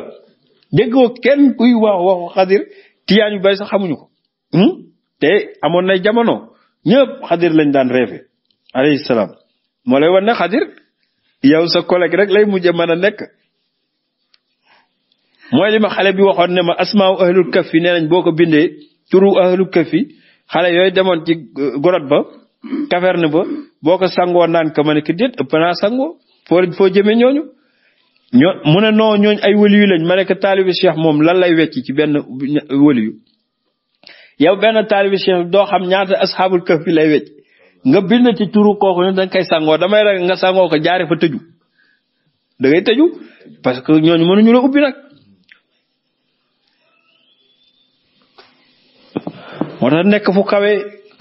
déggoo kenn kuy wax waxu xadir tiyaan yu bay xamuñu ko hmm? te amoon nay jamono ñëpp xadir lañ daan reefe alayhi salaam moo lay wan ne xadir yow sa collègue rek lay mujj mën a nekk mooy li ma xale bi waxoon ne ma asmaaw ahlul kaf yi nee nañ boo ko bindee turu ahlul kaf yi xale yooyu demoon ci euh, gorot ba caverne ba boo ko sangoo naan ka ma ne ko déet ëpp sangoo foo foo jëmee ñooñu ñoo mu ne noo ñooñ ay wëliyu lañ ma ne ko taalibi moom lan lay wecc ci benn wëliyu yow benn taalibi cheikh doo xam ñaata asxaabul kaf yi lay wecc nga bind ci turu kooku ne danga koy sangoo damay rek nga sangoo ko jaare fa tëju da tëju parce que moo nekk fu kawe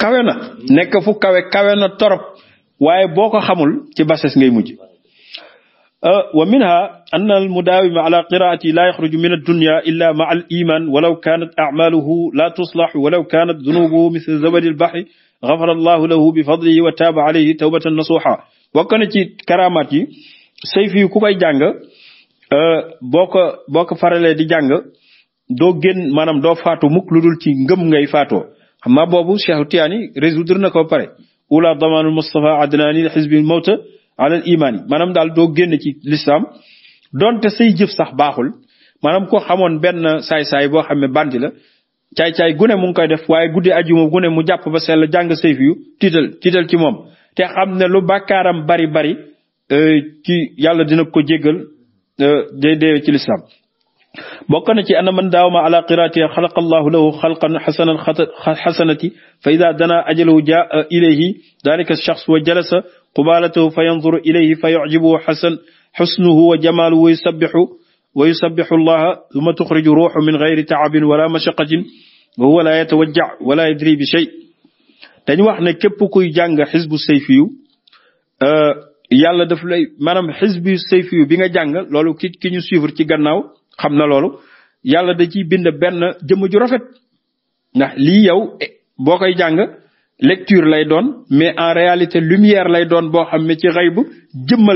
kawe na nekk fu kawe kawe na torop waaye boo ko xamul ci bases ngay mujj euh, wa minha an al mudaawima ala qiraati laa yaxruju min addunya illa maa al iman walaw kanat la tuslax walaw kanat dunubuhu misle zabadi lbaxri gafara allahu lahu bi fadlihi wa taaba alayhi tawbatan nasuha bokk na ci karamaat yi sayf yi ku koy jàng euh, boo ko boo ko faralee di jàng doo génn maanaam doo faatu mukk lu dul ci ngëm ngay faatoo xam naa boobu Cheikh Tiyaani résoudre na ko ba pare ula damaanul Mustafa adnaani xisbil mawta alal imaani maanaam daal doo génn ci listam donte say jëf sax baaxul maanaam ko xamoon benn saay-saay boo xam ne bandi la caay-caay gune mu ngi koy def waaye guddi ajuma gune mu jàpp ba sell jàng sayf yu tiital tiital ci moom te xam ne lu bàkkaaram bari bari euh, ci yàlla dina ko jéggal euh, day deewee ci listam bokk na ci ana man daawama ala qiraati xalaqa allahu lahu xalqan xasanan xasanati fa ida dana ajalahu jaa euh, ilayhi dalika shaxs wa jalasa qubaalatahu fa yanzuru ilayhi fa yujibuhu xasan xusnuhu wa jamaaluhu wa yusabixu wa yusabixu allaha summa tuxriju ruuxu min gayri taabin wala mashaqatin wa huwa la yatawajja wala yadri bi shay dañ wax ne képp kuy jàng xisbu sayfiyu euh, yàlla daf lay maanaam xisbu sayfiyu bi nga jàng loolu ki ki ñu suivre ci gannaaw xam na loolu yàlla da ci bind benn jëmm ju rafet ndax lii yow eh, boo koy jàng lecture lay doon mais en réalité lumière lay doon boo xam ne ci xëy bu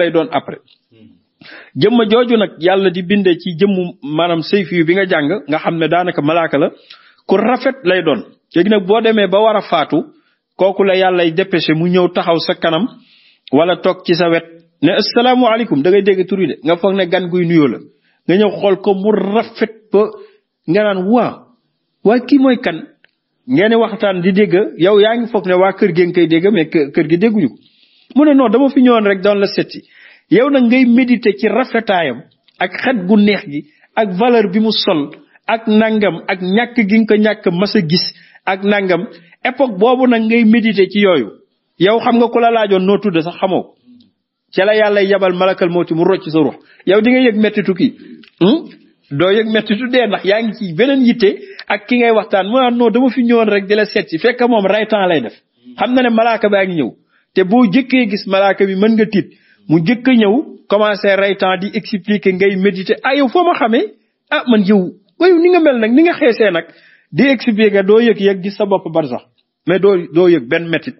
lay doon après jëmm jooju nag yàlla di bindee ci jëmmu maanaam sayfiyu bi nga jàng nga xam ne daanaka malaaka la ku rafet lay doon léegi nag boo demee ba war a faatu kooku la yàllay dépêché mu ñëw taxaw sa kanam wala toog ci sa wet ne asalaamaaleykum da ngay dégg tur nga foog ne gan guy nuyoo la nga ñëw xool ko mu rafet ba nga naan waa waaye kii mooy kan ngeen waxtaan di dégg yow yaa ngi foog ne waa kër gi nga koy dégg mais kër gi dégguñu ko mu ne non dama fi ñëwoon rek doon la setti yow nag ngay méditer ci rafetaayam ak xet gu neex gi ak valeur bi mu sol ak nangam ak ñàkk gi nga ko ñàkk mas a gis ak nangam époque boobu nag ngay médité ci yooyu yow xam nga ku la laajoon noo tudd sax xamoo ci la yàlla yabal malakal mawti mu rocc sa ruux Hmm? doo yëg metti tu dee ndax yaa ngi ci beneen yitte ak ki ngay waxtaan mu naan non dama fi ñëwoon rek di la seet si moom raytaan lay def xam na ne malaaka baa ngi ñëw te boo jëkkee gis malaaka bi mën nga tiit mu jëkk a ñëw commencé raytaan di expliquer ngay méditer ah yow foo ma xamee ah man yow wayu ni nga mel nag ni nga xeesee nag di expliquer doo yëg yëg gis sa bopp bar sax mais doo doo yëg benn mettit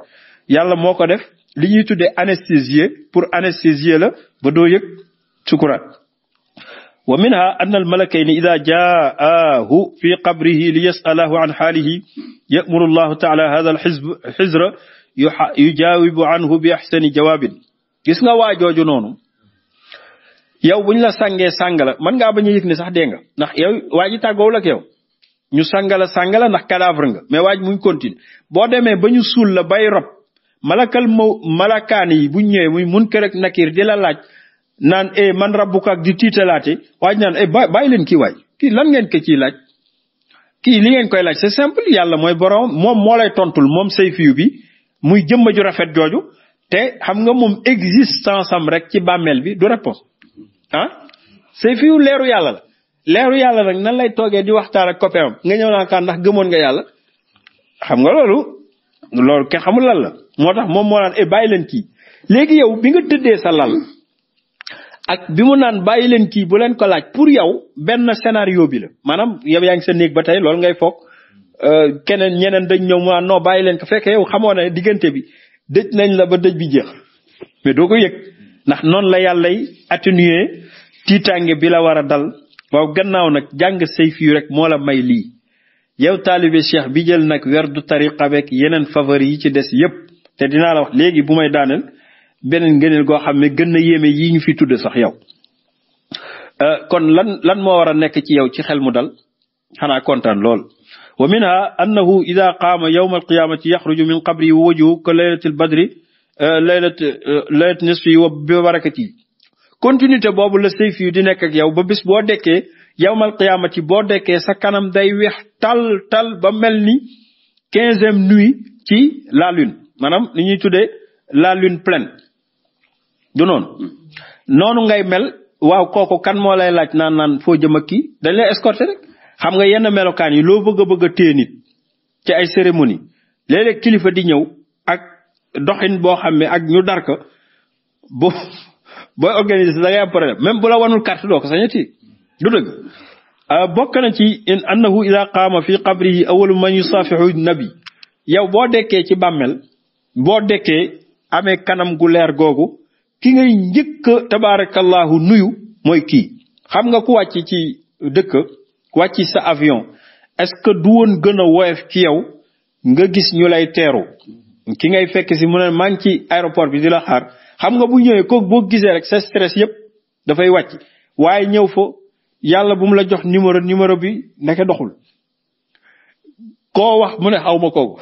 yàlla moo ko def li ñuy tuddee anesthésier pour anesthésier la ba doo yëg sukuraat wa minha anna almalakayni ida jaahu fi qabrihi li yasalahu an xaalihi yamuru llahu taala hada alxizra yujaawibu anhu bi axsani jawaabin gis nga waa jooju noonu yow buñ la sàngee sàngala mën ngaa bañ a yëg ne sax dee nga ndax yow waa ji tàggoow la yow ñu sàngala sàngala ndax cadavre nga mais waa ji muñ continue boo demee ba ñu suul la bay rob malakal ma malakaani yi buñ ñëwee muy munkar ak nakir di la laaj naan e man rabbuka ak di tiitalaate waaj naan e bàyyi leen kii waay kii lan ngeen ko ciy laaj kii li ngeen koy laaj c'est simple yàlla mooy borom moom moo lay tontul moom sayfiyu bi muy jëmma ju rafet jooju te xam nga moom existence am rek ci bàmmeel bi du réponse ah sayfiyu leeru yàlla la leeru yàlla nag nan lay toogee di waxtaan ak copain nga ñëw naa kaan ndax gëmoon nga yàlla xam nga loolu loolu kenn xamul lan la moo tax moom moo naan e bàyyi leen kii léegi yow bi nga tëddee sa lal ak bi mu naan bàyyi leen kii bu leen ko laaj pour yow benn scénario bi la maanaam yow yaa ngi sa néeg ba tey loolu ngay foog euh, keneen ñeneen dañ ñëw mu naan non bàyyi leen ko fekk yow xamoo ne diggante bi dëj nañ la ba dëj bi jeex mais doo ko yëg ndax noonu la yàllay atténuer tiitaange bi la war a dal waaw gannaaw nag jàng sayf yu rek moo la may lii yow taalibe cheikh bi jël nag du tariqa beeg yeneen favori yi ci des yépp te dinaa la wax léegi bu may daaneel beneen ngëneel goo xam ne gën na yéeme yii ñu fi tudd sax yow euh, kon lan lan moo war a nekk ci yow ci xel mu dal xanaa kontaan lool wa minha annahu ida qaama yawma alqiyamati yaxruju min qabri wa wajhu ka laylati albadri euh, laylat euh, laylat nisfi wa bi barakati continuité boobu la sayf yu di nekk ak yow ba bis boo dekkee yawmal qiyaamati boo dekkee sa kanam day weex tal tal ba mel ni quinzième nuit ci la lune maanaam li ñuy tuddee la lune pleine du noonu noonu ngay mel waaw kooku kan moo lay laaj naan naan foo jëm ak kii dañ lay escorter xam nga yenn melokaan yi loo bëgg a bëgg a nit ci ay cérémonie léeg-léeg kilifa di ñëw ak doxin boo xam ne ak ñu dar ko boo booy organiser da problème même bu la wanul carte doo ko sañati du dëgg euh, bokk na ci in annahu ida qaama fi qabrihi awalu man yusafihu nabi yow boo dekkee ci bàmmel boo dekkee amee kanam gu leer googu ki ngay njëkk a tabaarakallaahu nuyu mooy kii xam nga ku wàcc ci dëkk wàcc sa avion est-ce que du woon gën a woyof ci yow nga gis ñu lay teeru ki ngay fekk si mu ne maa ngi ci aéroport bi di la xaar xam nga bu ñëwee kooku boo gisee rek sa stress yëpp dafay wàcc waaye ñëw fo yàlla bu mu la jox numéro numéro bi nekk doxul koo wax mu ne xaw ma kooku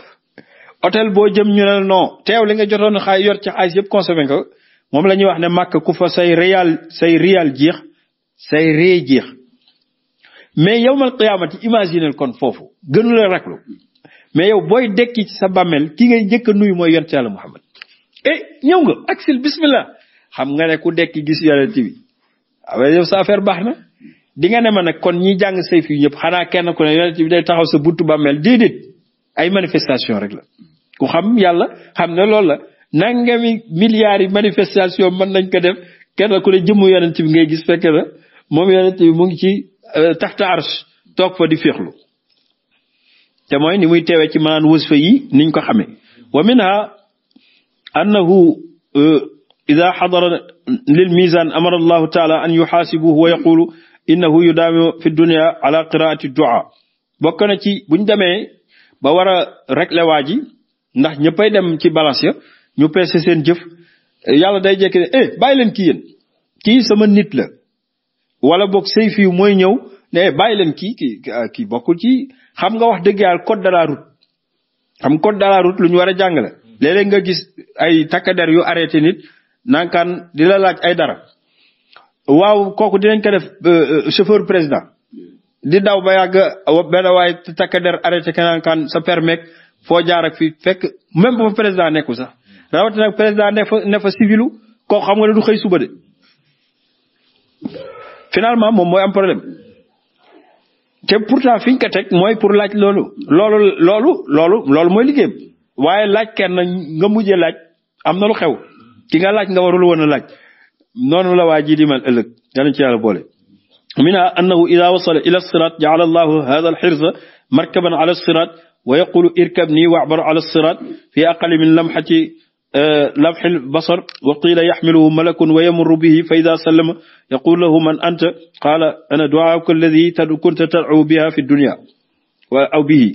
hôtel boo jëm ñu ne non teew li nga jotoon xaay yor ci xaalis yëpp consommé nga moom lañuy wax ne màkk ku fa say réal say réal jeex say ree jeex mais yowmal qiyaamati imaginel kon foofu gënu la raklu mais yow booy dekki sa bàmmeel ki ngay njëkk a nuyu mooy yonent la Muhammad eh ñëw nga aksil bismillah xam nga ne ku dekki gis yonent bi waaye ah, yow sa affaire baax na di nga ne ma nag kon ñi jàng say fi ñëpp xanaa kenn ku ne yonent bi day taxaw sa buntu bàmmeel déedéet ay manifestation rek ku xam yàlla xam ne loolu la nangami milliards yi manifestation man nañ ko def kenn ku ne jëmmu yonent bi ngay gis fekk moom yonent bi mu ngi ci euh, taxta arsh toog fa di féexlu te mooy ni muy teewee ci maanaam fa yi niñ ko xamee wa minha annahu euh, ida xadara lil misan amara allahu taala an yuxaasibuhu wa yaqulu innahu yudaamiu fi dunia ala qiraati dua bokk na ci buñ demee ba war a régler waa ji ndax ñëppay dem ci balance ya ñu peese seen jëf yàlla day jekki ne eh leen kii yéen kii sama nit la wala boog say fii mooy ñëw ne eh bàyyi leen kii kii kii bokkul ci xam nga wax dëgg yàlla code de la route xam code de la lu ñu war a jàngale. léeg nga gis ay takk yu arrêté nit nankaan di la laaj ay dara waaw kooku dinañ ko def euh, euh, chauffeur président di daw ba yàgg benn waay takk der arrêté ka sa permis foo jaarak fi fii fekk même bu fa président nekku sax. rawatina nag président ne fa ne koo xam nga ne du xëy suba de finalement moom mooy am problème te pourtant fi ñu ko teg mooy pour laaj loolu loolu loolu loolu loolu mooy waaye laaj kenn nga mujje laaj am na lu xew ki nga laaj nga warul woon a laaj noonu la waa ji di mel ëllëg yàlla ci yàlla boole minha annahu ida wasala ila sirat jaala allahu hada alxirsa markaban ala sirat wa yaqulu irkab nii wa'bar ala fi aqali min lamxati labxil basar wa qiila yaxmiluhu malakun wa yamurru bihi fa ida yaqul lahu man anta qaala ana duaauka alladi kunta tadcu biha fi dunia wa aw bihi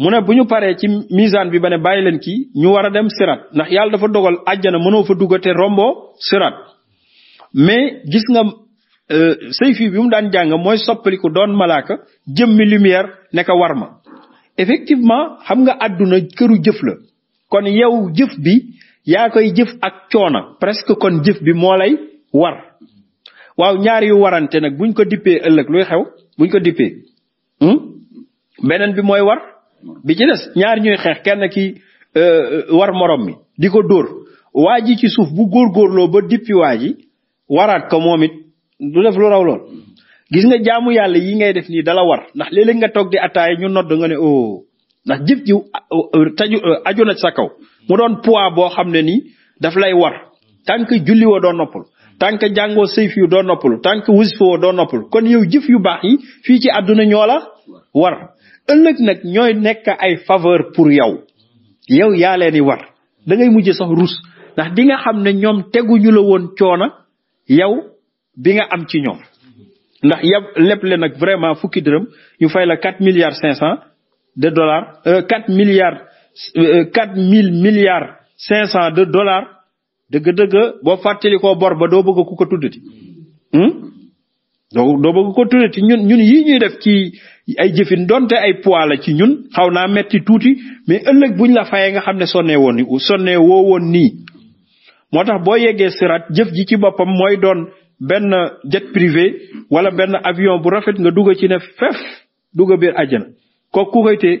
mu ne bu ñu paree ci misaan bi ba ne bàyyi leen kii ñu war a dem sirat ndax yàlla dafa dogal àjjana mënoo fa dugga te rombo sirat mais gis nga euh, sayfi bi mu daan jàng mooy soppaliku doon malaaka jëmmi lumière ne ko war ma effectivement xam nga àdduna këru jëf la kon yow jëf bi yaa koy jëf ak coona presque kon jëf bi moo lay war waaw ñaar yu warante nag buñ ko dippee ëllëg luy xew buñ ko dippee hmm? beneen bi mooy war bi ci des ñaar ñuy xeex kenn ki euh, euh, war moroom mi di ko dóor waa ji ci suuf bu góor góorloo ba dippi waa ji waraat ko moom it du def lu raw lool gis nga jaamu yàlla yi ngay def nii dala war ndax léeg nga toog di attaaya ñu nodd nga ne o oh, ndax jëf jiw euh, taju euh, aju na sa kaw mu doon poids boo xam ne ni daf lay war tant que julli woo doo noppul tant que jàngoo sayf yu doo noppalu tant que wasifa doo noppul kon yow jëf yu baax yi fii ci àdduna ñoo la war ëllëg nag ñooy nekk ay faveur pour yow yow yaa leen di war da ngay mujj sax rus ndax di nga xam ne ñoom teguñu la woon coona yow bi nga am ci ñoom ndax yab lépp le nag vraiment fukki dërëm ñu fay la quatre milliards cinq cent de dollars euh, 4 milliards euh, 4 euh, mille milliards de dollars dëgg-dëgg boo fàttali bor ba doo bëgg ku ko tuddati hmm? doo doo bëgg ko tuddati ñun ñun yi ñuy def ci ay jëfin donte ay poids la ci ñun xaw naa metti tuuti mais ëllëg buñ la fayee nga xam ne sonnee woon ni sonnee woo woon nii moo tax boo yeggee sirat jëf ji ci boppam mooy doon benn jet privé wala benn avion bu rafet nga dugg ci ne fef dugg biir àjjana kooku ku koy téye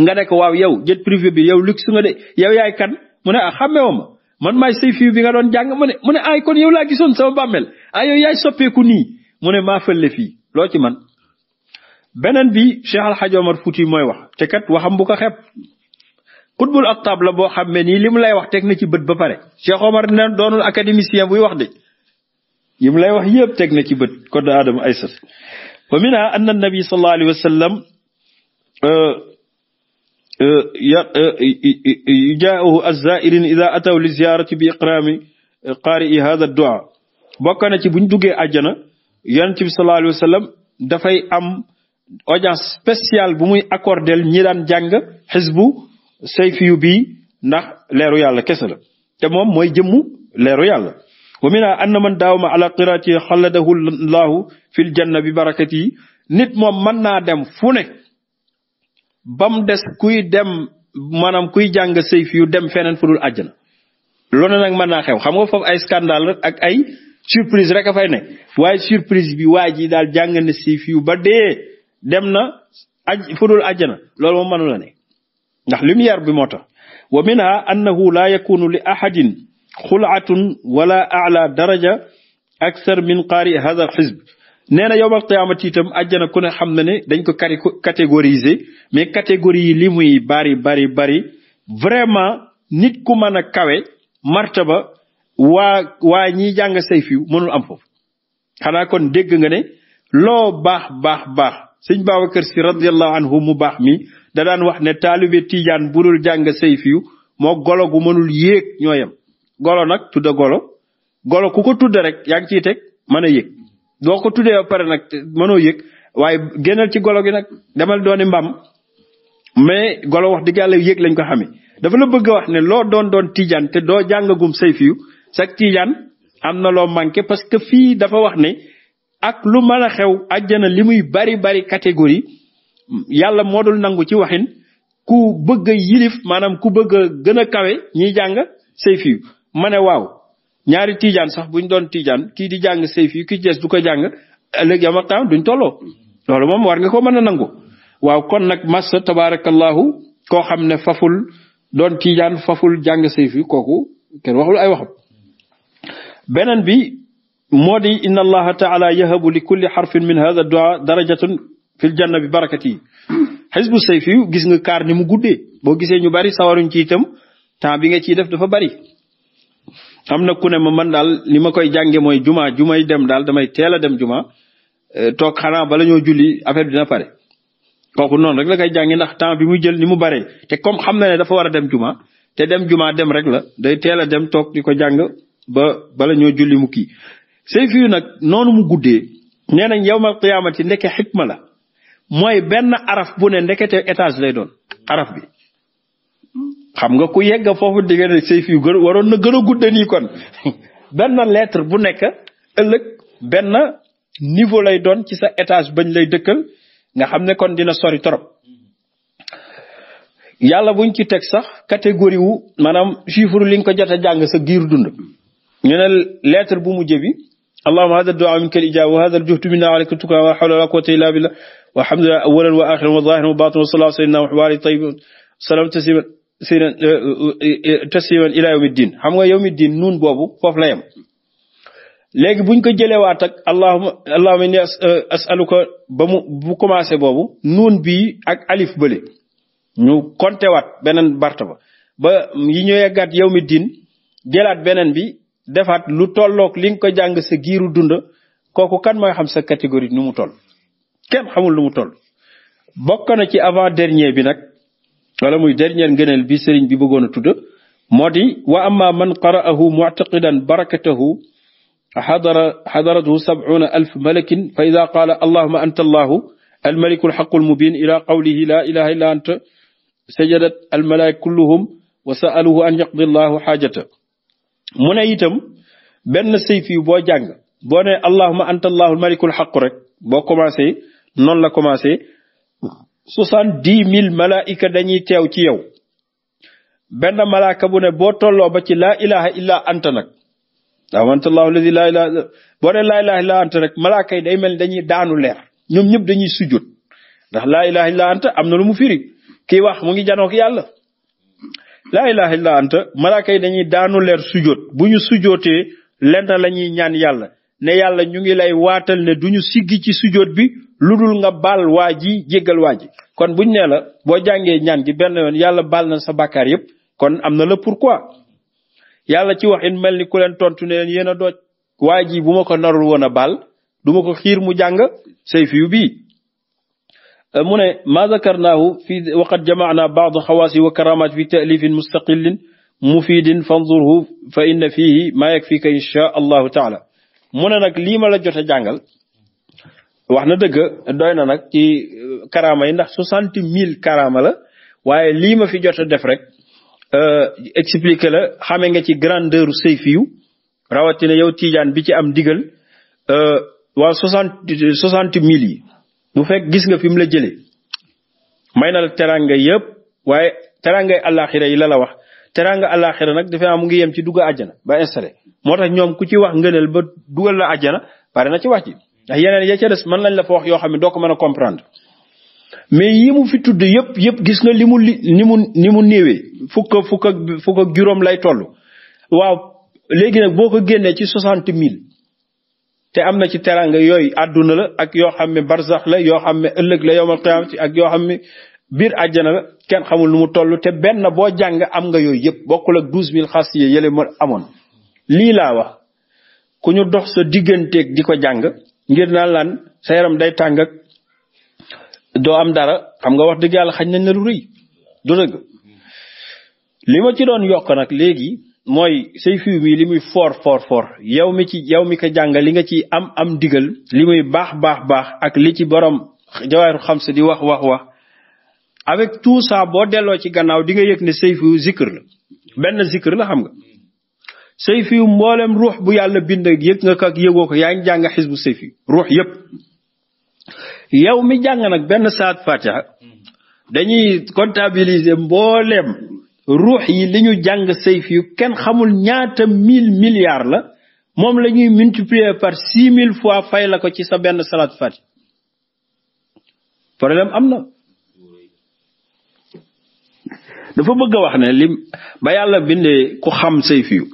nga ne ko waaw yow jet privé bi yow luxe nga de yow yaay kan mu ne ah xàmmeewoo ma man maay say fiw bi nga doon jàng ma ne mu ne ay kon yow laa gisoon sama bàmmeel ay ah, yow yaay soppeeku nii mu ne maa fële fii loo ci man beneen bi Cheikh Al Hadj Omar Fouti mooy wax te kat waxam bu ko xep xutbul aktaab la boo xam ne nii li mu lay wax teg na ci bët ba pare Cheikh Omar ne doonul académicien buy wax de yi mu lay wax yëpp teg na ci bët ko da Adama Aysat wa E, yujaahu e, e, azzairin ida ataw li ziyaarati bi iqraami qaari i hada dua bokk na ci buñ duggee àjjana yonent bi sallallahu alayhi dafay am audience spéciale bu muy accordel ñi daan jàng xisbu sayfiyu bii ndax leeru yàlla kese la te moom mooy jëmmu leeru yàlla wa mina anna man daawama ala qiraati xalladahu llahu fil janna bi barakati nit moom mën naa dem fu ne ba mu des kuy dem maanaam kuy jàng sayf yu dem feneen fu dul àjjana loolu nag mën naa xew xam nga foofu ay scandale rek ak ay surprise rek a fay ne waaye surprise bi waa ji daal jàng na sayf yu ba dee dem na aj fu dul àjjana loolu moom mënu la ne ndax lumière bi moo tax wa minha annahu la yakunu li ahadin wala ala daraja akthar min qaari hadha al nee na yowmal qiyaamati itam àjjana ku ne xam na ne dañ ko cari catégoriser mais catégorie yi li muy bari bari bari vraiment nit ku mën a kawe ba waa waa ñiy jàng say fi mënul am foofu xanaa kon dégg nga ne loo baax baax baax sëñ Babacar si radiallahu anhu mu baax mi da daan wax ne taalibe tijaan bu dul jàng say fiw moo golo gu mënul yéeg ñooyam golo nag tudda golo golo ku ko tudda rek yaa ngi ciy teg mën a yéeg doo ko tuddee ba pare nag mënoo yëg waaye génnal ci golo gi nag demal dooni mbaam mais golo wax dëgg yàlla yëg lañ ko xamee dafa la bëgg a wax ne loo doon doon tijaan te doo jàngagum say fiyu sax tijaan am na loo manqué parce que fii dafa wax ne ak lu mën a xew àjjana li muy bari bari catégorie yàlla moo dul nangu ci waxin ku bëgg a yilif maanaam ku bëgg a gën a kawe ñiy jàng say fiyu ma ne waaw ñaari tiijaan sax buñ doon tiijaan kii di jàng sayf yi kii ci des du ko jàng ëllëg yama taam duñ tolloo loolu moom war nga ko mën a nangu waaw kon nag massa tabaarakallahu koo xam ne faful doon tiijaan faful jàng say yi kooku kenn waxul ay waxam beneen bi moo di inna allaha taala yahabu li kulli xarfin min hada dua darajatun fil janna bi barakat yi xisbu sayf yi gis nga kaar ni mu guddee boo gisee ñu bari sawaruñ ci itam temps bi nga ciy def dafa bari xam na ku ne ma man daal li ma koy jànge mooy jumaa ju may dem daal damay teel a dem juma euh, toog xanaa bala ñoo julli affaire bi dina pare kooku noonu rek la koy jànge ndax bi muy jël ni mu bare te comme xam na ne dafa war a dem juma te dem juma dem rek la day teel a dem toog di ko jàng ba bala ñoo julli mu kii sëy fiyu nag noonu mu guddee nee nañ yawmal qiyaamati ndeke xikma la mooy benn araf bu ne ndekete étage lay doon araf bi xam nga ku yegg foofu di nga ne yu gën waroon na gën a gudde nii kon [laughs] benn lettre bu nekk ëllëg benn niveau lay doon ci sa étage bañ lay dëkkal nga xam ne kon dina sori torop yàlla buñ ci teg sax catégorie wu maanaam chiffre li ko jot a jàng sa giir dund ñu ne bu mujj bi allahuma hada duaa min kal ijaaba wa hada al juhdu minna alayka tuka wa hawla wa quwwata illa billah walhamdulillah awalan wa axiran wa zahiran salam tasliman seen uh, uh, uh, tasliman ila yawmi diin xam nga yawmi diin nuun boobu foofu la yem léegi buñ ko jëlewaat ak allahuma allahuma inni asaluka ba mu bu commencé boobu nuun bi ak alif bële ñu konte waat beneen barta ba ba yi ñu yeggaat yawmi diin jëlaat beneen bi defaat lu tollook li nga ko jàng sa giiru dund kooku kan mooy xam sa catégorie nu mu toll kenn xamul lu mu toll bokk na ci avant dernier bi nag wala muy dernier ngëneel bi sëriñ bi bëggoon a tudd moo di wa amma man qara'ahu muctaqidan barakatahu xadara xadaratuhu sabcuuna alf malakin fa ida qaala allahuma anta allahu almaliku alxaqu almubin ila qawlihi la ilaha illa anta sajadat almalaik kulluhum wa saaluhu an yaqdi allahu xaajata mu ne itam benn sayf yu boo jàng boo ne allahuma anta allahu almaliku alxaqu rek boo commencé noonu la commencé soixante-dix mille malaayika dañuy teew ci yow benn malaaka bu ne boo tolloo ba ci la ilaha illa anta nag amantallahu alladi laa la illa boo ne laa ilaha illa anta rek malaaka yi day mel ni dañuy daanu leer ñoom ñëpp dañuy sujjut ndax laa ilaha illa am na lu mu firi kii wax mu ngi janook yàlla laa illa anta malaaka yi dañuy daanu leer sujjut bu ñu sujjootee lenn la ñaan yàlla ne yàlla ñu ngi lay waatal ne duñu siggi ci sujjoot bi lu dul nga baal waa ji jéggal waa ji kon buñ nee la boo jàngee ñaan gi benn yoon yàlla baal na sa bàkkaar yépp kon am na la pourquoi yàlla ci waxin mel ni ku leen tontu ne leen yéen a dooj waa ji bu ma ko narul woon a baal du ko xiir mu jàng say fiyu bii euh, mu ne ma zakarnaahu fi waqad jamaana baad xawaasi wa karamat fi taalifin mustaqillin mufidin fanzurhu fa inna fihi ma yakfika insha allahu taala mu ne nag lii ma la jot jàngal wax na dëgg doy na nag ci euh, karaama yi ndax soixante mille karaama la waaye lii ma fi jot a def rek euh, expliqué la xame nga ci grandeur u Seyfiyu rawatina yow Tiijaan bi ci am digal euh, waa soixante soixante mille yi bu fekk gis nga fi mu la jëlee may na la teranga yëpp waaye terangay àllaaxira yi la la wax teranga àllaaxira nag dafay am mu ngi yem ci dugga àjjana ba installé moo tax ñoom ku ci wax ngëneel ba dugal la àjjana pare na ci wax ci yeneen ya ca des mën nañ la fa yoo xam ne doo ko mën a comprendre mais yi mu fi tudd yëpp yëpp gis nga li mu li ni mu ni mu néewee fukk fukk ak juróom lay toll waaw léegi nag boo ko génnee ci soixante mille te am na ci teranga yooyu àdduna la ak yoo xam ne barzax la yoo xam ne ëllëg la yowmal qiyaama ak yoo xam ne biir àjjana la kenn xamul lu mu toll te benn boo jàng am nga yooyu yëpp bokkul ak douze mille xas yi yële ma amoon lii laa wax ku ñu dox sa digganteeg di ko jàng ngir naa lan sa yaram day tàng doo am dara xam nga wax dëgg yàlla xañ na la lu rëy du dëgg li ci doon yokk nag léegi mooy say fiw mi li muy for for for yow mi ci yow mi ko jàng li nga ci am am digal li muy baax baax baax ak li ci borom jawaaru xam sa di wax wax wax avec tout ça boo delloo ci gannaaw di nga yëg ne say fiw zikr la benn zikr la xam nga sayfi yu mboolem ruux bu yàlla bind ak yëg nga ko ak yëgoo ko yaa ngi jàng xisbu sayfi ruux yëpp yow mi jàng nag benn saat fatiha dañuy comptabiliser mboolem ruux yi li jàng sayfi yu kenn xamul ñaata mille milliards la moom lañuy ñuy multiplier par six mille fois fay la ko ci sa benn salaat fatiha problème am na dafa bëgg a wax ne li ba yàlla bindee ku xam sayfi yu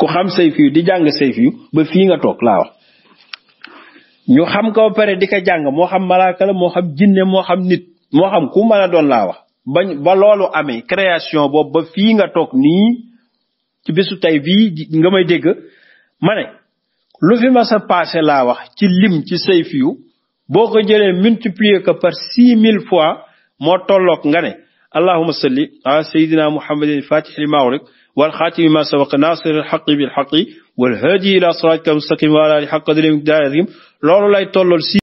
ku xam Sayfiyu di jàng Sayfiyu ba fii nga toog laa wax ñu xam ko ba pare di ko jàng moo xam malaaka la moo xam jinne moo xam nit moo xam ku mën a doon laa wax bañ ba loolu amee création boobu ba fii nga toog nii ci bisu tey bi nga may dégg mane lu fi ma sa passé laa wax ci lim ci Sayfiyu boo ko jëlee multiplier ko par six mille fois moo tollook nga ne allahuma salli ala sayidina muhammadin fatih li mawrik والخاتم ما سبق ناصر الحق بالحق والهادي إلى صراطك المستقيم وعلى آله حق قدره ومقداره العظيم loolu lay tollol